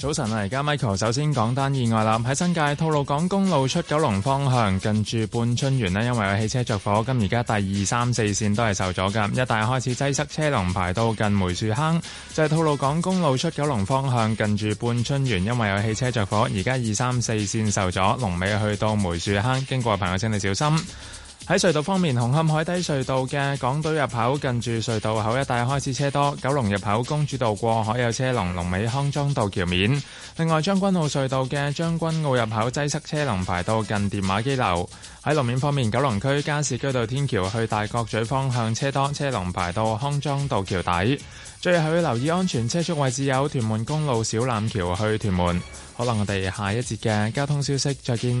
早晨啊！而家 Michael 首先講單意外啦，喺新界吐露港公路出九龍方向近住半春園，因為有汽車着火，咁而家第二三四線都係受阻㗎。一帶開始擠塞，車龍排到近梅樹坑。就係、是、吐露港公路出九龍方向近住半春園，因為有汽車着火，而家二三四線受阻，龍尾去到梅樹坑，經過嘅朋友請你小心。喺隧道方面，紅磡海底隧道嘅港島入口近住隧道口一帶開始車多；九龍入口公主道過海有車龍，龍尾康莊道橋面。另外，將軍澳隧道嘅將軍澳入口擠塞，車龍排到近電話機樓。喺路面方面，九龍區加士居道天橋去大角咀方向車多，車龍排到康莊道橋底。最後要留意安全車速位置有屯門公路小欖橋去屯門。可能我哋下一節嘅交通消息再見。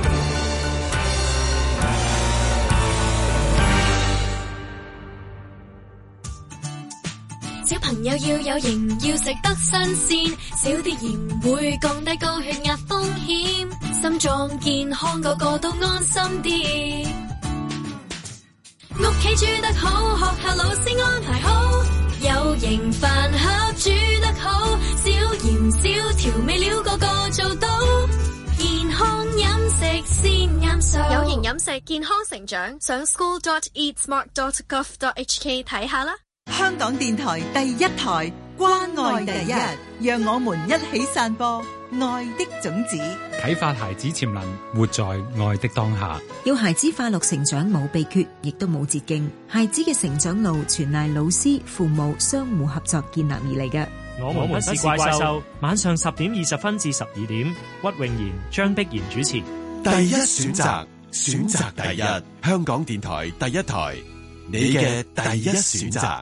朋友要有型，要食得新鮮，少啲鹽會降低高血壓風險，心臟健康個個都安心啲。屋企煮得好，學校老師安排好，有型飯盒煮得好，少鹽少調味料個個做到，健康飲食先啱。有型飲食健康成長，上 school dot eatsmart dot gov dot hk 睇下啦。香港電台第一台關愛第一，第一讓我們一起散播愛的種子，啟發孩子潛能，活在愛的當下。要孩子快樂成長，冇秘訣，亦都冇捷徑。孩子嘅成長路，全賴老師、父母相互合作建立而嚟嘅。我們不是怪獸。晚上十點二十分至十二點，屈永賢、張碧賢主持。第一選擇，選擇第一，選擇第一。香港電台第一台，你嘅第一選擇。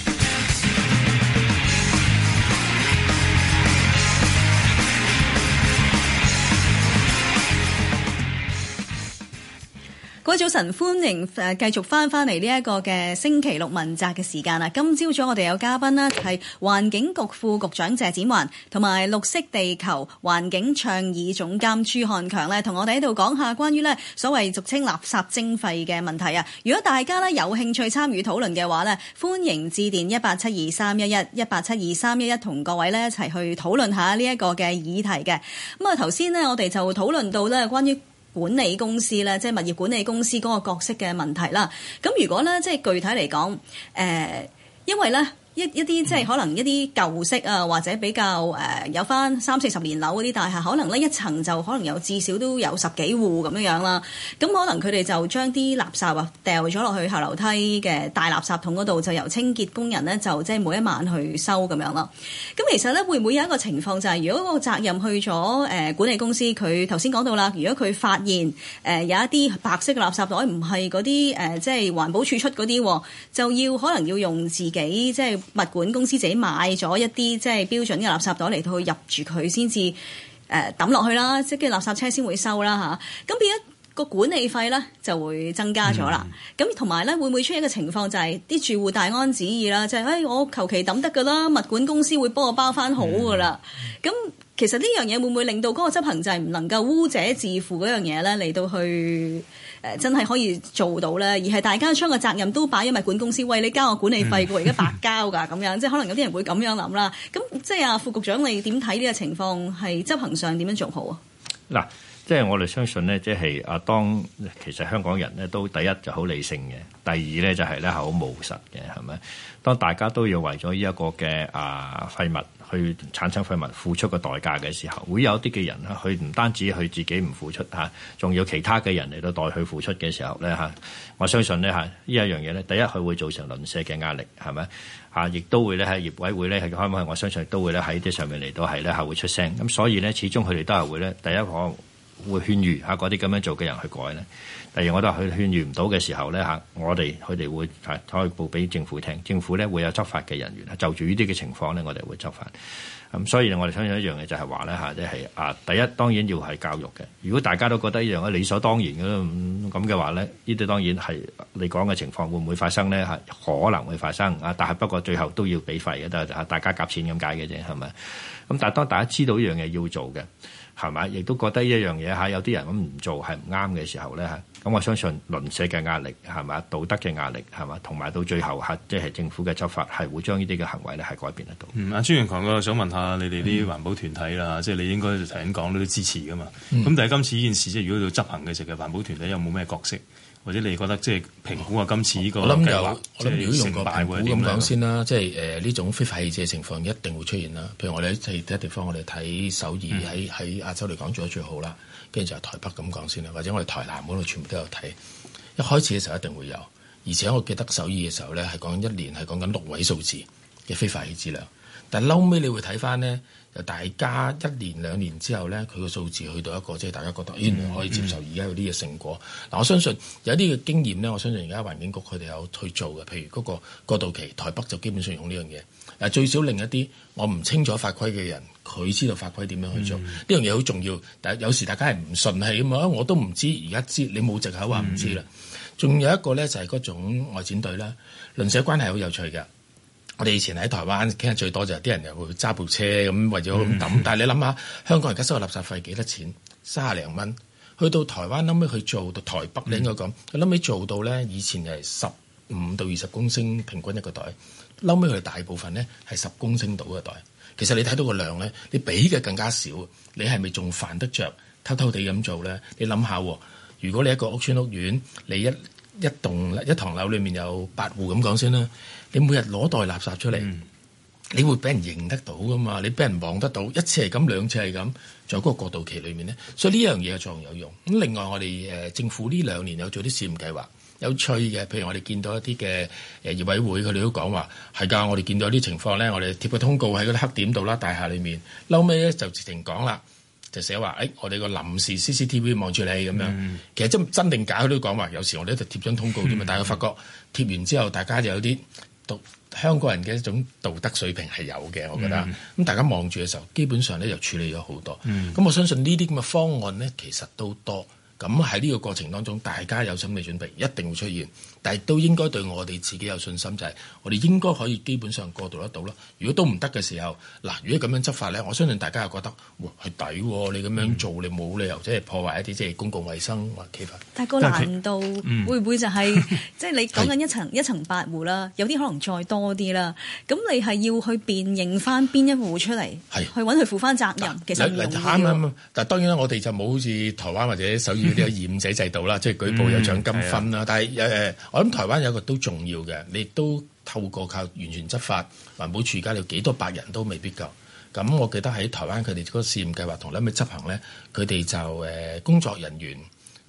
各位早晨，歡迎繼續翻返嚟呢一個嘅星期六問責嘅時間啊！今朝早我哋有嘉賓啦，係環境局副局長謝展寰，同埋綠惜地球環境倡議總監朱漢強咧，同我哋喺度講下關於呢所謂俗稱垃圾徵費嘅問題啊！如果大家呢有興趣參與討論嘅話呢，歡迎致電一八七二三一一一八七二三一一，同各位呢一齊去討論下呢一個嘅議題嘅。咁啊，頭先呢我哋就討論到呢關於。管理公司咧，即係物業管理公司嗰個角色嘅問題啦。咁如果咧，即係具體嚟講，誒，因為咧。一一啲即係可能一啲舊式啊，或者比較誒、呃、有翻三四十年樓嗰啲大廈，可能咧一層就可能有至少都有十幾戶咁樣啦。咁可能佢哋就將啲垃圾啊掉咗落去下樓梯嘅大垃圾桶嗰度，就由清潔工人咧就即係每一晚去收咁樣啦。咁其實咧會唔會有一個情況就係、是，如果個責任去咗誒、呃、管理公司，佢頭先講到啦，如果佢發現誒、呃、有一啲白色嘅垃圾袋唔係嗰啲誒即係環保處出嗰啲，就要可能要用自己即物管公司自己買咗一啲即係標準嘅垃圾袋嚟到去入住佢先至誒抌落去啦，即係垃圾車先會收啦嚇。咁變一個管理費咧就會增加咗啦。咁同埋咧會唔會出現一個情況就係啲住戶大安旨意啦，就係、是、誒、哎、我求其抌得㗎啦，物管公司會幫我包返好㗎啦。咁、嗯、其實呢樣嘢會唔會令到嗰個執行就係唔能夠污者自負嗰樣嘢咧嚟到去？誒真係可以做到咧，而係大家將個責任都擺喺物管公司。喂，你交個管理費過而家白交㗎咁樣，即係可能有啲人會咁樣諗啦。咁即係啊副局長，你點睇呢個情況？係執行上點樣做好啊？嗱，即係我哋相信呢，即係啊，當其實香港人呢都第一就好理性嘅，第二咧就係咧係好務實嘅，係咪？當大家都要為咗呢一個嘅啊廢物。去產生廢物付出個代價嘅時候，會有啲嘅人咧，佢唔單止佢自己唔付出嚇，仲要其他嘅人嚟到代佢付出嘅時候咧嚇，我相信咧嚇呢一樣嘢咧，第一佢會造成鄰舍嘅壓力，係咪嚇？亦都會咧喺業委會咧係開唔開？我相信都會咧喺啲上面嚟到係咧係會出聲。咁所以咧，始終佢哋都係會咧，第一我會勸喻嚇嗰啲咁樣做嘅人去改咧。例如我都話佢勸喻唔到嘅時候咧嚇，我哋佢哋會可以報俾政府聽，政府咧會有執法嘅人員就住呢啲嘅情況咧，我哋會執法。咁所以我哋想有一樣嘢就係話咧嚇即係啊，第一當然要係教育嘅。如果大家都覺得呢樣嘢理所當然嘅咁咁嘅話咧，呢啲當然係你講嘅情況會唔會發生咧嚇？可能會發生啊，但係不過最後都要俾費嘅，大家夾錢咁解嘅啫，係咪？咁但係當大家知道一樣嘢要做嘅。係咪？亦都覺得一樣嘢嚇，有啲人咁唔做係唔啱嘅時候咧嚇，咁我相信鄰舍嘅壓力係嘛，道德嘅壓力係嘛，同埋到最後嚇，即係政府嘅執法係會將呢啲嘅行為咧係改變得到。阿朱漢強，我想問下你哋啲環保團體啦、嗯、即係你應該就頭先講都支持噶嘛，咁、嗯、但係今次呢件事即係如果要執行嘅時候，環保團體有冇咩角色？或者你覺得即係評估啊，今次呢個我諗又，我諗是如果用個評估咁講先啦，即係誒呢種非法棄置嘅情況一定會出現啦。譬如我哋喺其他地方，我哋睇首爾喺喺亞洲嚟講做得最好啦，跟住就台北咁講先啦。或者我哋台南嗰度全部都有睇。一開始嘅時候一定會有，而且我記得首爾嘅時候咧，係講一年係講緊六位數字嘅非法棄置量，但係後尾你會睇翻咧。大家一年兩年之後呢，佢個數字去到一個即係大家覺得，嗯哎、可以接受而家嗰啲嘅成果。嗱、嗯，我相信有啲嘅經驗呢，我相信而家環境局佢哋有去做嘅，譬如嗰、嗰個過渡期，台北就基本上用呢樣嘢。嗱，最少另一啲我唔清楚法規嘅人，佢知道法規點樣去做，呢樣嘢好重要。但有時大家係唔順氣啊嘛，我都唔知而家知，你冇藉口話唔知啦。仲、嗯、有一個呢，就係、係、嗰種外展隊啦，鄰舍關係好有趣嘅。我哋以前喺台灣傾得最多就係啲人又會揸部車咁為咗抌，嗯、但係你諗下香港而家收垃圾費幾多錢？三廿零蚊。去到台灣，嬲尾去做到台北，你應該講，佢嬲尾做到咧，以前係十五到二十公升平均一個袋，嬲尾佢大部分咧係十公升到嘅袋。其實你睇到個量咧，你俾嘅更加少，你係咪仲犯得著偷偷地咁做咧？你諗下，如果你一個屋邨屋苑，你一一棟一堂樓裏面有八戶咁講先啦，你每日攞袋垃圾出嚟，你會俾人認得到噶嘛？你俾人望得到一次係咁，兩次係咁，在嗰個過渡期裏面咧，所以呢樣嘢係仲有用。咁另外我哋誒政府呢兩年有做啲試驗計劃，有趣嘅，譬如我哋見到一啲嘅誒業委會佢哋都講話係㗎，我哋見到有啲情況咧，我哋貼個通告喺嗰啲黑點度啦，大廈裏面，嬲尾咧就直情講啦。就寫話，誒、欸，我哋個臨時 CCTV 望住你咁樣，嗯、其實真真定假，佢都講話。有時我哋一度貼張通告啫嘛，嗯、但係發覺貼完之後，大家有啲香港人嘅一種道德水平係有嘅，我覺得。咁、嗯、大家望住嘅時候，基本上咧又處理咗好多。咁、嗯、我相信呢啲咁嘅方案咧，其實都多。咁喺呢個過程當中，大家有心理準備，一定會出現。但係都應該對我哋自己有信心，就係、是、我哋應該可以基本上過渡得到啦。如果都唔得嘅時候，嗱，如果咁樣執法咧，我相信大家又覺得係抵喎。你咁樣做，嗯、你冇理由即係破壞一啲即係公共衛生或規範。但個個難度、嗯、會唔會就係、是嗯、即係你講緊一層一層八戶啦，有啲可能再多啲啦。咁你係要去辨認翻邊一戶出嚟，係去揾佢負翻責任。其實唔容易但，但當當然啦，我哋就冇好似台灣或者首爾啲個二五仔制度啦，嗯、即係舉報有獎金分啦。嗯啊、但係、呃我諗台灣有一個都重要嘅，你都透過靠完全執法，環保署而家幾多百人都未必夠。咁我記得喺台灣佢哋嗰個試驗計劃同你咪執行呢，佢哋就誒工作人員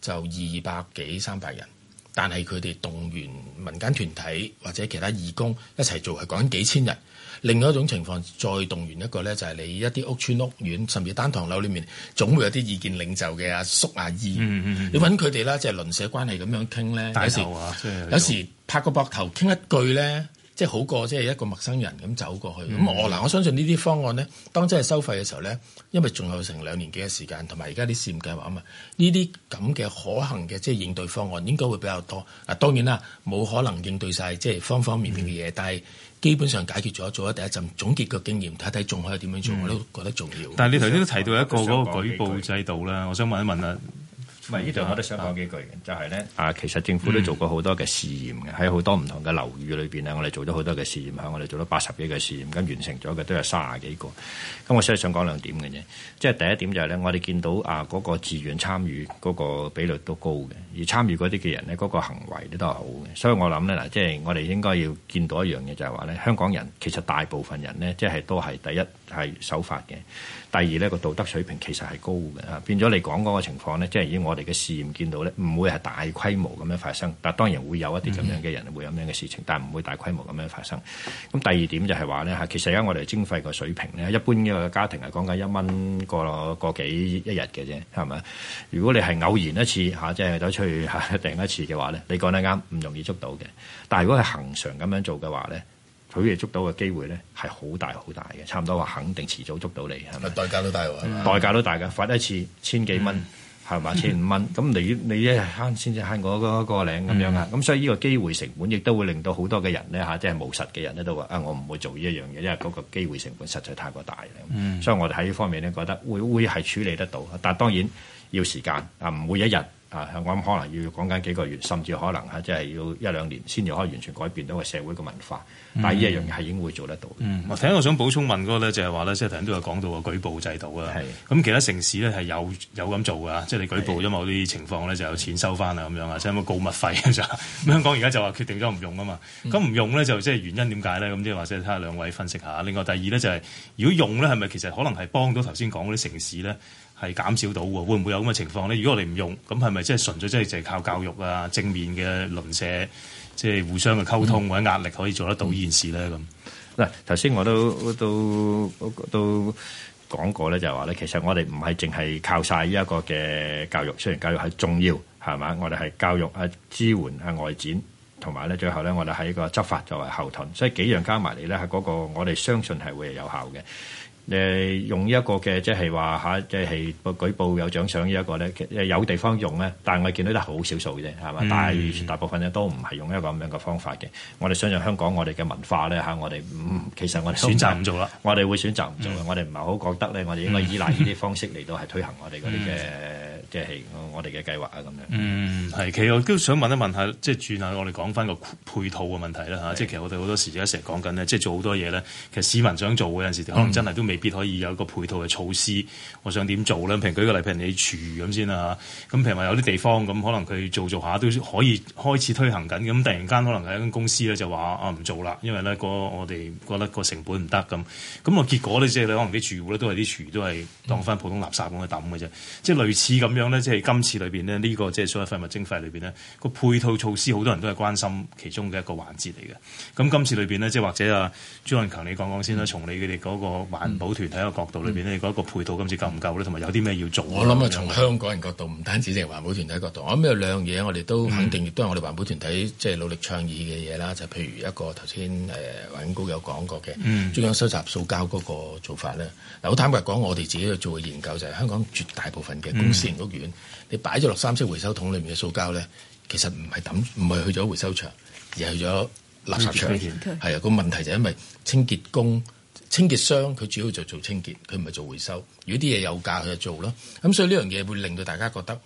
就二百幾三百人，但係佢哋動員民間團體或者其他義工一齊做，係講緊幾千人。另外一種情況，再動員一個咧，就係你一啲屋村屋苑，甚至單幢樓裏面，總會有啲意見領袖嘅阿叔，叔阿姨，嗯嗯嗯你揾佢哋啦，即係鄰舍關係咁樣傾咧，有時拍個膊頭傾一句咧。即好過即係一個陌生人咁走過去咁，嗯、我嗱、嗯、我相信呢啲方案咧，當真係收費嘅時候咧，因為仲有成兩年幾嘅時間，同埋而家啲試驗計劃啊嘛，呢啲咁嘅可行嘅即係應對方案應該會比較多嗱。當然啦，冇可能應對晒即係方方面面嘅嘢，嗯、但係基本上解決咗做咗第一陣總結個經驗，睇睇仲可以點樣做，嗯、我都覺得重要。但係你頭先都提到一個嗰個舉報制度啦，我想問一問啊。嗯呢度、嗯嗯、我都想講幾句，嘅、嗯，就係咧啊，其實政府都做過好多嘅試驗嘅，喺好多唔同嘅樓宇裏邊咧，我哋做咗好多嘅試驗，響、嗯、我哋做咗八十幾個試驗，咁完成咗嘅都有三十幾個。咁我所以想講兩點嘅啫，即係第一點就係咧，我哋見到啊嗰個自願參與嗰個比率都高嘅，而參與嗰啲嘅人咧，嗰個行為都係好嘅。所以我諗咧嗱，即係我哋應該要見到一樣嘢，就係話咧，香港人其實大部分人咧，即係都係第一係守法嘅。第二咧，個道德水平其實係高嘅，啊變咗你講嗰個情況咧，即係以我哋嘅試驗見到咧，唔會係大規模咁樣發生，但當然會有一啲咁樣嘅人、嗯、會有咁樣嘅事情，但唔會大規模咁樣發生。咁第二點就係話咧，其實而家我哋徵費個水平咧，一般嘅家庭係講緊一蚊個個幾一日嘅啫，係咪？如果你係偶然一次即係走出去 定一次嘅話咧，你講得啱，唔容易捉到嘅。但係如果係恒常咁樣做嘅話咧，佢哋捉到嘅機會咧係好大好大嘅，差唔多話肯定遲早捉到你，係咪？代價都大，代價都大嘅，罰一次千幾蚊，係嘛、嗯？千五蚊咁你你一日慳先至慳我嗰個零咁、嗯、樣啊，咁所以呢個機會成本亦都會令到好多嘅人咧嚇，即係無實嘅人咧都話啊，我唔會做呢一樣嘢，因為嗰個機會成本實在太過大啦。嗯、所以我哋喺呢方面咧覺得會會係處理得到，但係當然要時間啊，唔會一日。啊！香港可能要講緊幾個月，甚至可能嚇，即係要一兩年先至可以完全改變到個社會嘅文化。但係呢一樣嘢係已經會做得到。我頭先我想補充問嗰個咧，就係話咧，即係頭先都有講到個舉報制度啊。咁其他城市咧係有有咁做㗎，即係你舉報咗某啲情況咧就有錢收翻啦咁樣啊，即係有冇告密費啊？就香港而家就話決定咗唔用啊嘛。咁唔用咧就即係原因點解咧？咁即係話，即係睇下兩位分析下。另外第二咧就係，如果用咧係咪其實可能係幫到頭先講嗰啲城市咧？係減少到喎，會唔會有咁嘅情況咧？如果我哋唔用，咁係咪即係純粹即係就係靠教育啊、正面嘅鄰舍、即、就、係、係、互相嘅溝通或者壓力可以做得到呢件事咧？咁、嗯、嗱，頭先樣我都都我都講過咧，就係話咧，其實我哋唔係淨係靠晒呢一個嘅教育，雖然教育係重要係嘛，我哋係教育啊支援啊外展，同埋咧最後咧我哋喺個執法作為後盾，所以幾樣加埋嚟咧，係嗰個我哋相信係會有效嘅。誒用一個嘅，即係話嚇，即係舉報有獎賞依、這、一個咧，有地方用咧，但係我見到都係好少數嘅，係嘛、嗯？但係大部分咧都唔係用一個咁樣嘅方法嘅。我哋相信香港我哋嘅文化咧嚇，我哋唔，其實我哋選擇唔做啦，我哋會選擇唔做嘅。嗯、我哋唔係好覺得咧，我哋應該依賴呢啲方式嚟到係推行我哋嗰啲嘅。嗯 嗯即係我哋嘅計劃啊咁樣。嗯，係。其實我都想問一問一下，即係轉下我哋講翻個配套嘅問題啦嚇。即係其實我哋好多時而家成日講緊咧，即係做好多嘢咧。其實市民想做嘅有陣時，可能真係都未必可以有一個配套嘅措施。嗯、我想點做咧？譬如舉個例，譬如你廚餘咁先啦，咁譬如話有啲地方咁，可能佢做一做下都可以開始推行緊。咁突然間可能係一間公司咧就話啊唔做啦，因為咧、嗰個、我哋覺得個成本唔得咁。咁啊結果咧即係你可能啲住戶咧都係啲廚餘都係當翻普通垃圾咁去抌嘅啫。即係、嗯、類似咁樣即係今次裏面呢，呢、這個即係所謂廢物徵費裏面呢個配套措施，好多人都係關心其中嘅一個環節嚟嘅。咁今次裏面呢，即係或者啊朱漢強，你講講先啦，從你哋嗰個環保團體嘅角度裏面呢，嗰、嗯、個配套今次夠唔夠呢？同埋有啲咩要做？我諗啊，從香港人角度，唔單止即係環保團體角度，我諗有兩樣嘢，我哋都肯定亦都係我哋環保團體即係努力倡議嘅嘢啦。就譬、是、如一個頭先誒環境局有講過嘅，中央收集塑膠嗰個做法咧，嗱好坦白講，我哋自己去做嘅研究就係香港絕大部分嘅公司。遠你擺咗落三色回收桶裏面嘅塑膠呢，其實唔係抌，唔係去咗回收場，而係去咗垃圾場。係啊，個問題就係因為清潔工、清潔商佢主要就做清潔，佢唔係做回收。如果啲嘢有價，佢就做啦。咁所以呢樣嘢會令到大家覺得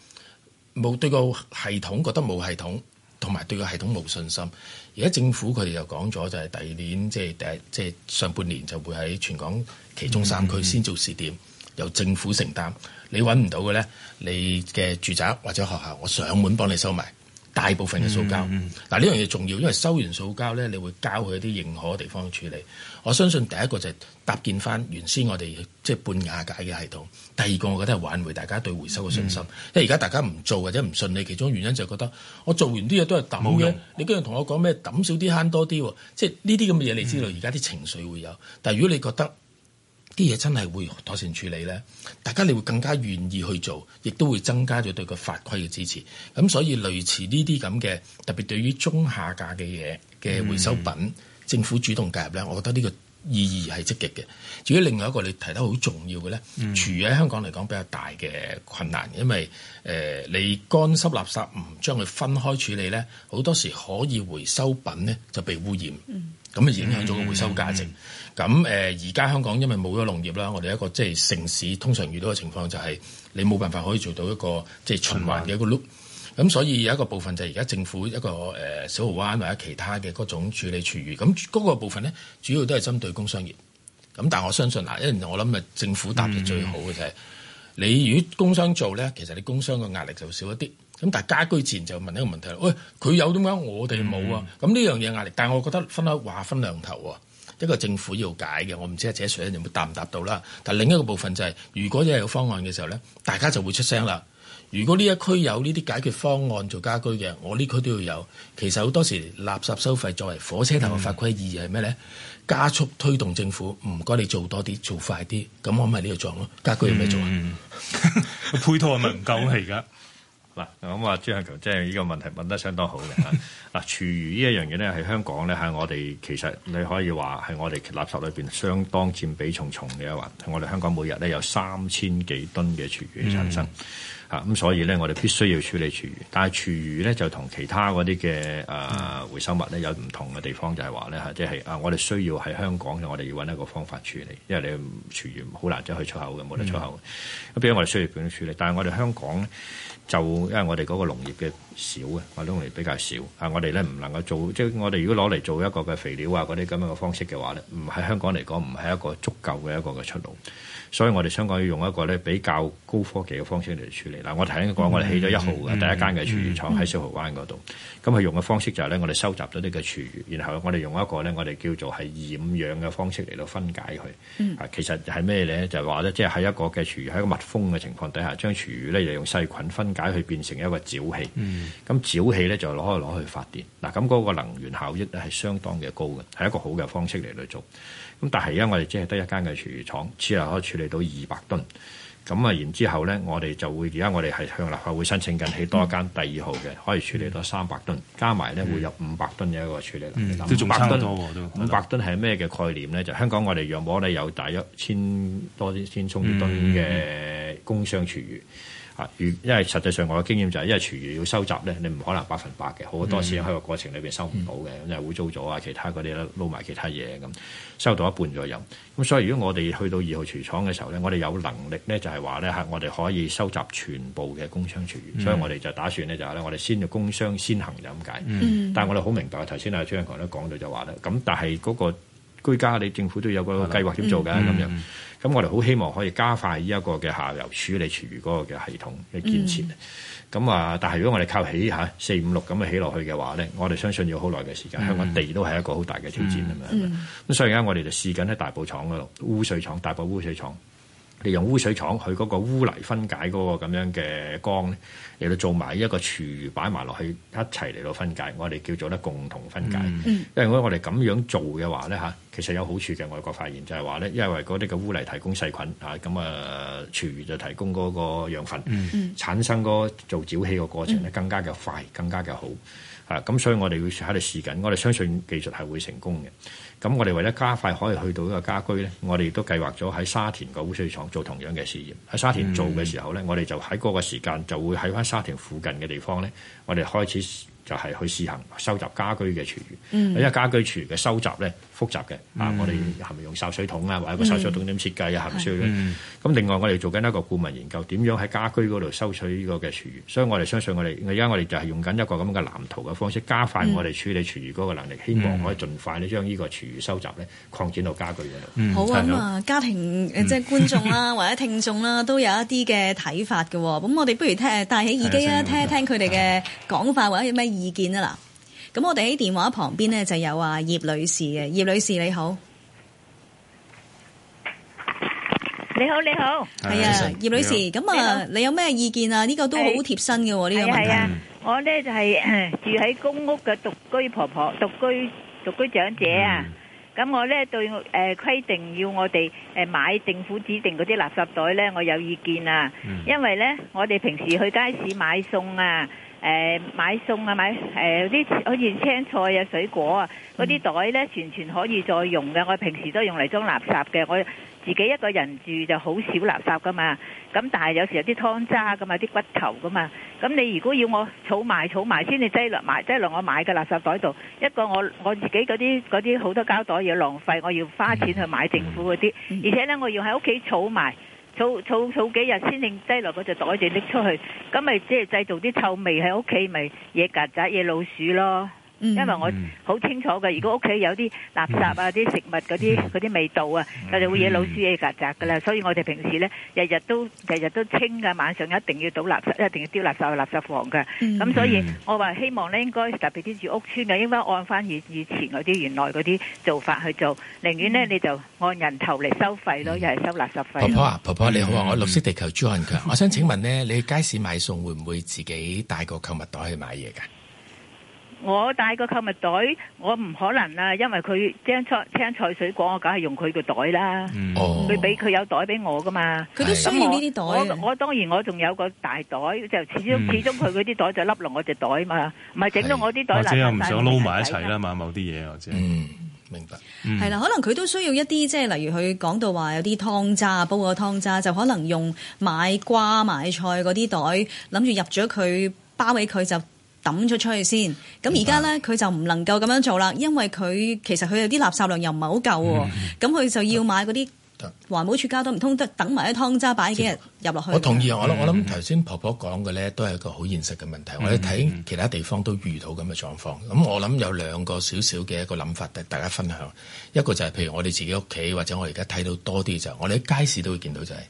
冇對個系統覺得冇系統，同埋對個系統冇信心。而家政府佢哋又講咗，就係第二年即係第一即係上半年就會喺全港其中三區先做試點，嗯嗯由政府承擔。你揾唔到嘅咧，你嘅住宅或者學校，我上門幫你收埋大部分嘅塑膠。嗱呢樣嘢重要，因為收完塑膠咧，你會交去一啲認可嘅地方處理。我相信第一個就係搭建翻原先我哋即係半瓦解嘅系統，第二個我覺得係挽回大家對回收嘅信心。嗯、因為而家大家唔做或者唔信你，其中原因就係覺得我做完啲嘢都係抌嘅。用你居然同我講咩抌少啲慳多啲，即係呢啲咁嘅嘢，你知道而家啲情緒會有。但係如果你覺得，啲嘢真係會妥善處理咧，大家你會更加願意去做，亦都會增加咗對個法規嘅支持。咁所以類似呢啲咁嘅，特別對於中下價嘅嘢嘅回收品，嗯、政府主動介入咧，我覺得呢、呢個。意義係積極嘅。至於另外一個你提得好重要嘅咧，除喺、嗯、香港嚟講比較大嘅困難，因為、呃、你乾濕垃圾唔將佢分開處理咧，好多時可以回收品咧就被污染，咁啊、嗯、影響咗個回收價值。咁誒而家香港因為冇咗農業啦，我哋一個即係、就是、城市通常遇到嘅情況就係你冇辦法可以做到一個即係、就是、循環嘅一個 loop。咁、嗯、所以有一個部分就係而家政府一個誒、呃、小蠔灣或者其他嘅嗰種處理廚餘，咁嗰個部分咧主要都係針對工商業。咁但我相信嗱，因為我諗啊，政府答嘅最好嘅就係、是嗯、你如果工商做咧，其實你工商嘅壓力就少一啲。咁但係家居前就問一個問題啦，喂，佢有點解我哋冇啊？咁呢、嗯、樣嘢壓力，但係我覺得分開話分兩頭喎。一個政府要解嘅，我唔知阿謝穗欣有冇答唔答到啦。但係另一個部分就係、是，如果真係有方案嘅時候咧，大家就會出聲啦。如果呢一區有呢啲解決方案做家居嘅，我呢區都要有。其實好多時垃圾收費作為火車頭嘅法規意義係咩咧？加速推動政府唔該你做多啲，做快啲。咁我咪呢度做咯？家居有咩做啊？嗯、 配套係咪唔夠啊？而家嗱，咁話朱漢強即係呢個問題問得相當好嘅。嗱廚餘呢一樣嘢咧，係香港咧喺我哋，其實你可以話係我哋垃圾裏邊相當佔比重重嘅一環。我哋香港每日咧有三千幾噸嘅廚餘產生。嗯嚇，咁所以咧，我哋必須要處理廚餘，但係廚餘咧就同其他嗰啲嘅誒回收物咧有唔同嘅地方就，就係話咧即係啊，我哋需要喺香港，我哋要揾一個方法處理，因為你廚餘好難走去出口嘅，冇得出口。咁、嗯、比如我哋需要點樣處理？但係我哋香港咧，就因為我哋嗰個農業嘅少啊，我哋農業比較少，啊我哋咧唔能夠做，即係我哋如果攞嚟做一個嘅肥料啊嗰啲咁樣嘅方式嘅話咧，唔喺香港嚟講，唔係一個足夠嘅一個嘅出路。所以我哋香港要用一個咧比較高科技嘅方式嚟處理嗱，我頭先講我哋起咗一號嘅第一間嘅廚餘廠喺小蠔灣嗰度，咁佢用嘅方式就係咧我哋收集咗呢個廚餘，然後我哋用一個咧我哋叫做係厭氧嘅方式嚟到分解佢。啊，其實係咩咧？就係話咧，即係喺一個嘅廚餘喺個密封嘅情況底下，將廚餘咧用細菌分解去變成一個沼氣。咁沼氣咧就攞去攞去發電。嗱，咁嗰個能源效益咧係相當嘅高嘅，係一個好嘅方式嚟嚟做。咁但係而家我哋只係得一間嘅廚餘廠，次係可以處理到二百噸。咁啊，然之後咧，我哋就會而家我哋係向立法會申請緊起多一間第二號嘅，可以處理到三百噸，加埋咧會有五百噸嘅一個處理量。五百噸，嗯，五百噸係咩嘅概念咧？就香港我哋若果咧有大約千多千多噸噸嘅工商廚餘。嗯嗯啊！如因為實際上我嘅經驗就係，因為廚餘要收集咧，你唔可能百分百嘅，好多時喺個過程裏面收唔到嘅，咁就污糟咗啊，其他嗰啲咧撈埋其他嘢咁，收到一半左右。咁所以如果我哋去到二號廚廠嘅時候咧，我哋有能力咧就係話咧嚇，我哋可以收集全部嘅工商廚餘，嗯、所以我哋就打算咧就係我哋先做工商先行就咁解。但係我哋好明白頭先阿漢強都講到就話咧，咁但係嗰個居家你政府都有個計劃要做嘅咁、嗯咁我哋好希望可以加快呢一個嘅下游處理廚餘嗰個嘅系統嘅建設。咁啊、嗯，但係如果我哋靠起嚇四五六咁樣起落去嘅話咧，我哋相信要好耐嘅時間。嗯、香港地都係一個好大嘅挑戰咁嘛。咁所以而家我哋就試緊喺大埔廠嗰度污水廠，大埔污水廠。利用污水廠去嗰個污泥分解嗰個咁樣嘅缸咧，嚟到做埋一個廚餘擺埋落去，一齊嚟到分解，我哋叫做咧共同分解。嗯、因為我我哋咁樣做嘅話咧嚇，其實有好處嘅。外國發現就係話咧，因為嗰啲嘅污泥提供細菌嚇，咁啊廚餘就提供嗰個養分，嗯、產生嗰個做沼氣嘅過程咧更加嘅快，更加嘅好。啊！咁所以我哋會喺度試緊，我哋相信技術係會成功嘅。咁我哋為咗加快可以去到一個家居咧，我哋亦都計劃咗喺沙田個污水廠做同樣嘅試驗。喺沙田做嘅時候咧，嗯、我哋就喺嗰個時間就會喺翻沙田附近嘅地方咧，我哋開始就係去試行收集家居嘅廚餘。嗯、因為家居廚餘嘅收集咧。複雜嘅、嗯、啊！我哋係咪用潲水桶啊？或者個潲水桶點設計啊？係咪需要咁？另外我哋做緊一個顧問研究，點樣喺家居嗰度收取呢個嘅廚餘？所以我哋相信我哋，而家我哋就係用緊一個咁嘅藍圖嘅方式，加快我哋處理廚餘嗰個能力，嗯、希望可以盡快咧將呢個廚餘收集咧擴展到家居嘅。好啊！咁啊，家庭即係觀眾啦、啊，或者聽眾啦、啊，都有一啲嘅睇法嘅、哦。咁 我哋不如聽戴起耳機啊的，聽一聽佢哋嘅講法或者有咩意見啊啦。咁我哋喺電話旁邊咧，就有啊葉女士嘅。葉女士你好，你好你好，係啊葉女士，咁啊你有咩意見啊？呢個都好貼身嘅呢個問題。我咧就係住喺公屋嘅獨居婆婆，獨居獨居長者啊。咁我咧對誒規定要我哋誒買政府指定嗰啲垃圾袋咧，我有意見啊。因為咧我哋平時去街市買餸啊。誒、嗯、買餸啊，買誒啲好似青菜啊、水果啊嗰啲袋呢，完全可以再用嘅，我平時都用嚟裝垃圾嘅，我自己一個人住就好少垃圾噶嘛。咁但係有時有啲湯渣噶嘛，啲骨頭噶嘛。咁你如果要我儲埋儲埋先至擠落埋擠落我買嘅垃圾袋度。一個我我自己嗰啲啲好多膠袋要浪費，我要花錢去買政府嗰啲，嗯、而且呢，我要喺屋企儲埋。儲儲儲幾日先至擠落嗰隻袋，就拎出去，咁咪即係製造啲臭味喺屋企，咪惹曱甴、惹老鼠咯。嗯、因為我好清楚嘅，如果屋企有啲垃圾啊、啲、嗯、食物嗰啲嗰啲味道啊，佢就會惹老鼠、惹曱甴噶啦。所以我哋平時咧日日都日日都清噶，晚上一定要倒垃圾，一定要丟垃圾去垃圾房噶。咁、嗯、所以我話希望咧，應該特別啲住屋村嘅，應該按翻以以前嗰啲原來嗰啲做法去做，寧願咧你就按人頭嚟收費咯，嗯、又係收垃圾費。婆婆啊，婆婆你好啊，嗯、我綠惜地球朱漢強 我想請問咧，你去街市買餸會唔會自己帶個購物袋去買嘢嘅？我帶個購物袋，我唔可能啊，因為佢將菜、菜水果，我梗係用佢個袋啦。佢俾佢有袋俾我㗎嘛。佢都需要呢啲袋。我我當然我仲有個大袋，就始終始終佢嗰啲袋就笠落我隻袋啊嘛。唔係整到我啲袋攬攬曬。唔想撈埋一齊啦嘛，某啲嘢或者。嗯，明白。係啦，可能佢都需要一啲即係例如佢講到話有啲湯渣，煲個湯渣就可能用買瓜買菜嗰啲袋，諗住入咗佢包起佢就。抌咗出去先，咁而家咧佢就唔能夠咁樣做啦，因為佢其實佢有啲垃圾量又唔係好夠喎，咁佢、mm hmm. 就要買嗰啲環保處交都唔通都等埋一湯渣擺幾日入落去？我同意，我我諗頭先婆婆講嘅咧，都係一個好現實嘅問題。Mm hmm. 我哋睇其他地方都遇到咁嘅狀況。咁我諗有兩個少少嘅一個諗法，大家分享一個就係譬如我哋自己屋企或者我而家睇到多啲就係、我哋喺街市都會見到就係、是、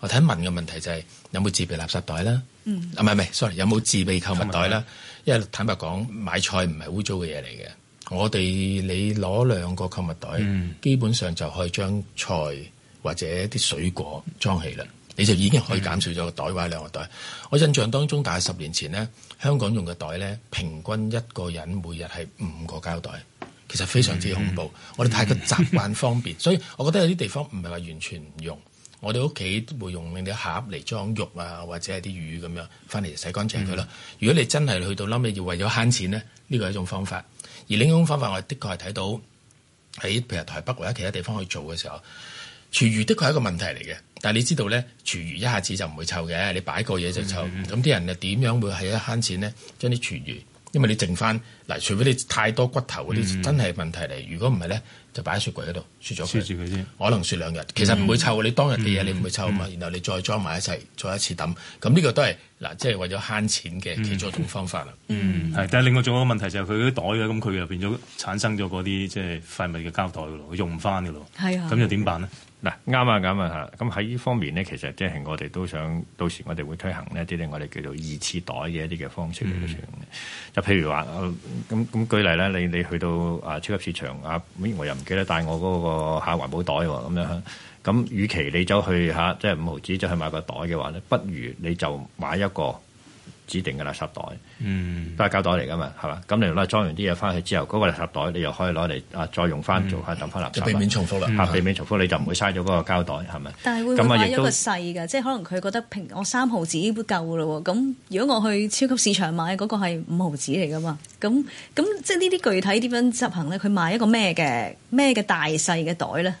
我睇問嘅問題就係、是、有冇自備垃圾袋啦，唔係唔係，sorry 有冇自備購物袋啦？因為坦白講，買菜唔係污糟嘅嘢嚟嘅。我哋你攞兩個購物袋，嗯、基本上就可以將菜或者啲水果裝起啦。你就已經可以減少咗個袋或者兩個袋。我印象當中，大概十年前呢，香港用嘅袋呢，平均一個人每日係五個膠袋，其實非常之恐怖。嗯、我哋太過習慣方便，嗯、所以我覺得有啲地方唔係話完全唔用。我哋屋企會用啲盒嚟裝肉啊，或者係啲魚咁樣，翻嚟洗乾淨佢咯。嗯、如果你真係去到臨尾，要為咗慳錢咧，呢個係一種方法。而另一種方法，我哋的確係睇到喺譬如台北或者其他地方去做嘅時候，廚餘的確係一個問題嚟嘅。但係你知道咧，廚餘一下子就唔會臭嘅，你擺個嘢就臭。咁啲、嗯、人又點樣會係一慳錢咧？將啲廚餘，因為你剩翻嗱，除非你太多骨頭嗰啲，真係問題嚟。嗯嗯、如果唔係咧。就擺喺雪櫃嗰度，雪咗佢。雪住佢先，可能雪兩日，其實唔會臭。嗯、你當日嘅嘢你唔會臭啊嘛，嗯、然後你再裝埋一齊，再一次抌。咁呢個都係嗱，即係為咗慳錢嘅其中一種方法啦。嗯，嗯嗯，但係另外仲有一個問題就係佢嗰啲袋嘅，咁佢入邊咗產生咗嗰啲即係廢物嘅膠袋噶咯，佢用唔翻噶咯。係啊的。咁又點辦咧？嗱啱啊，啱啊吓，咁喺呢方面咧，其實即係我哋都想到時我哋會推行呢一啲咧，我哋叫做二次袋嘅一啲嘅方式嚟嘅。嗯、就譬如話咁咁舉例咧，你你去到啊超級市場、那個、啊，我又唔記得帶我嗰個下環保袋喎、哦，咁樣咁、啊，與其你走去嚇、啊、即係五毫紙就去買個袋嘅話咧，不如你就買一個。指定嘅垃圾袋，嗯，都係膠袋嚟噶嘛，係嘛？咁你攞嚟裝完啲嘢翻去之後，嗰個垃圾袋你又可以攞嚟啊，再用翻、嗯、做下抌翻垃圾，就避免重複啦。避免重複、嗯、避免重複你就唔會嘥咗嗰個膠袋，係咪？但係會、會買一個細嘅，嗯、都即係可能佢覺得平，我三毫紙都夠咯喎。咁如果我去超級市場買嗰個係五毫紙嚟噶嘛？咁咁即係呢啲具體點樣執行咧？佢買一個咩嘅咩嘅大細嘅袋咧？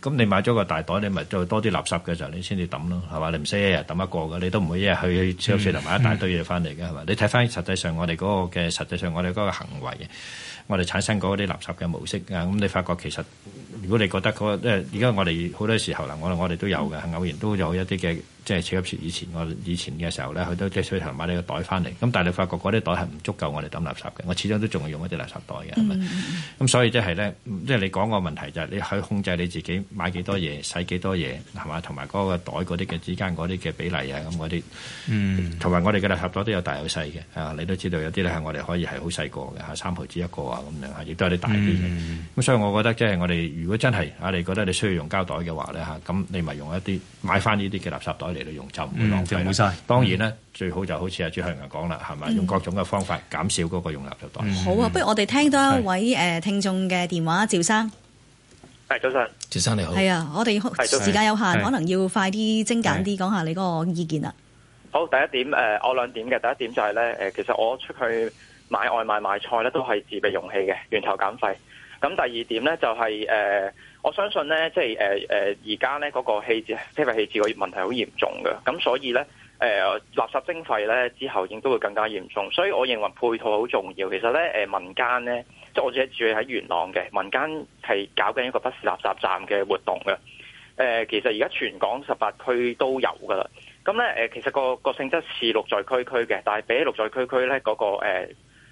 咁你買咗個大袋，你咪再多啲垃圾嘅時候，你先至抌咯，係嘛？你唔使一日抌一個㗎，你都唔會一日去超市度買一大堆嘢翻嚟嘅，係嘛？你睇翻實際上我哋嗰個嘅，實際上我哋嗰個行為，我哋產生嗰啲垃圾嘅模式啊，咁你發覺其實，如果你覺得嗰即係而家我哋好多時候喇，我我哋都有嘅，偶然都有一啲嘅。即係扯噉說，以前我以前嘅時候咧，佢都即係出去頭買呢個袋翻嚟。咁但係你發覺嗰啲袋係唔足夠我哋抌垃圾嘅。我始終都仲係用一啲垃圾袋嘅。係咪？咁、mm. 嗯、所以即係咧，即係你講個問題就係你可以控制你自己買幾多嘢，使幾多嘢係嘛，同埋嗰個袋嗰啲嘅之間嗰啲嘅比例啊，咁嗰啲。同埋、mm. 我哋嘅垃圾袋都有大有細嘅。啊，你都知道有啲咧係我哋可以係好細個嘅嚇，三毫子一個啊咁樣，亦都有啲大啲嘅。咁、mm. 所以我覺得即係我哋如果真係啊，你覺得你需要用膠袋嘅話咧嚇，咁你咪用一啲買翻呢啲嘅垃圾袋。嚟用就唔會浪費啦。嗯、當然啦，最好就好似阿朱漢強講啦，係咪、嗯、用各種嘅方法減少嗰個用納就多。嗯、好啊，不如我哋聽到一位誒聽眾嘅電話，趙生。係早晨，趙生你好。係啊，我哋時間有限，可能要快啲精簡啲是講下你嗰個意見啊。好，第一點誒、呃，我兩點嘅第一點就係咧誒，其實我出去買外賣、買菜咧都係自備容器嘅，源頭減費。咁第二點咧就係、是、誒。呃我相信咧，即係誒誒，而家咧嗰個棄置、非法棄置個問題好嚴重嘅，咁所以咧誒、呃、垃圾徵費咧之後應該會更加嚴重，所以我認為配套好重要。其實咧誒、呃、民間咧，即係我自己住喺元朗嘅民間係搞緊一個不是垃圾站嘅活動嘅。誒、呃，其實而家全港十八區都有噶啦，咁咧誒，其實、那個、嗯、個性質是綠在區區嘅，但係比起綠在區區咧、那、嗰個、呃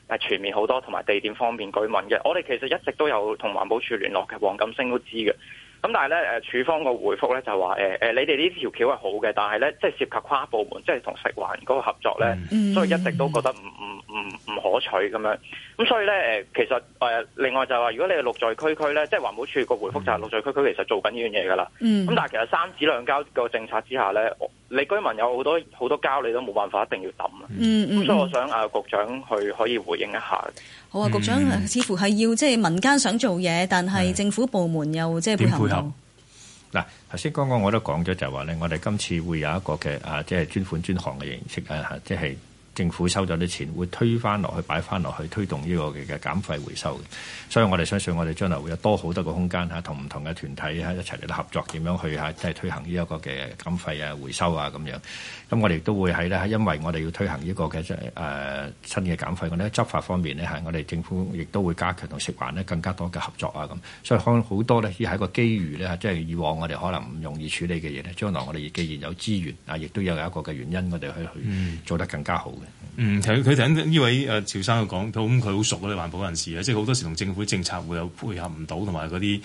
係全面好多，同埋地點方便居民嘅。我哋其實一直都有同環保署聯絡嘅，黃錦星都知嘅。咁但係咧，誒署方個回覆咧就話、呃，你哋呢條橋係好嘅，但係咧即係涉及跨部門，即係同食環嗰個合作咧，嗯、所以一直都覺得唔唔唔唔可取咁樣。咁所以咧，其實、呃、另外就話，如果你係綠在區區咧，即係環保署個回覆就係綠在區區其實做緊呢樣嘢㗎啦。咁、嗯、但係其實三紙兩膠個政策之下咧，你居民有好多好多膠，你都冇辦法，一定要抌啦。嗯嗯，所以我想啊，嗯、局長去可以回應一下。好啊，局長似乎係要即係民間想做嘢，嗯、但係政府部門又即係點配合？嗱，頭先剛剛我都講咗就話咧，我哋今次會有一個嘅啊，即係專款專項嘅形式啊，吓即係。政府收咗啲錢，會推返落去，擺返落去推動呢個嘅減費回收嘅。所以我哋相信，我哋將來會有多好多個空間同唔同嘅團體喺一齊嚟到合作，點樣去即、啊、推行呢一個嘅減費啊、回收啊咁樣。咁、嗯、我哋亦都會喺咧，因為我哋要推行呢、這個嘅即、呃、新嘅減費，我咧執法方面呢，係我哋政府亦都會加強同食環呢更加多嘅合作啊咁。所以可能好多呢，呢係一個機遇呢。即係以往我哋可能唔容易處理嘅嘢呢，將來我哋既然有資源啊，亦都有一個嘅原因我去，我哋可以去做得更加好嘅。嗯，佢佢頭先呢位誒趙生佢講到，咁佢好熟嗰啲環保人士啊，即係好多時同政府政策會有配合唔到，同埋嗰啲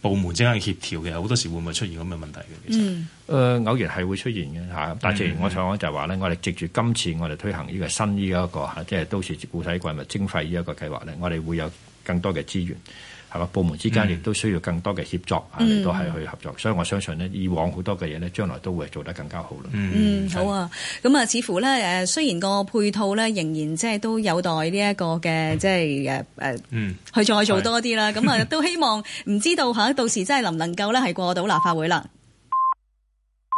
部門之間嘅協調嘅，好多時會唔會出現咁嘅問題嘅？其實誒，偶然係會出現嘅嚇，但係正如我想講就係話咧，嗯、我哋藉住今次我哋推行呢個新呢、這、一個嚇，即係都市固體廢物徵費呢一個計劃咧，我哋會有更多嘅資源。係啦，部門之間亦都需要更多嘅協作，亦都係去合作，嗯、所以我相信呢以往好多嘅嘢呢將來都會做得更加好咯。嗯，以好啊，咁啊，似乎呢，誒，雖然個配套呢仍然即係都有待呢、這、一個嘅即係、呃嗯、去再做多啲啦。咁啊是，亦都希望唔知道吓 到時真係能唔能夠咧係過到立法會啦。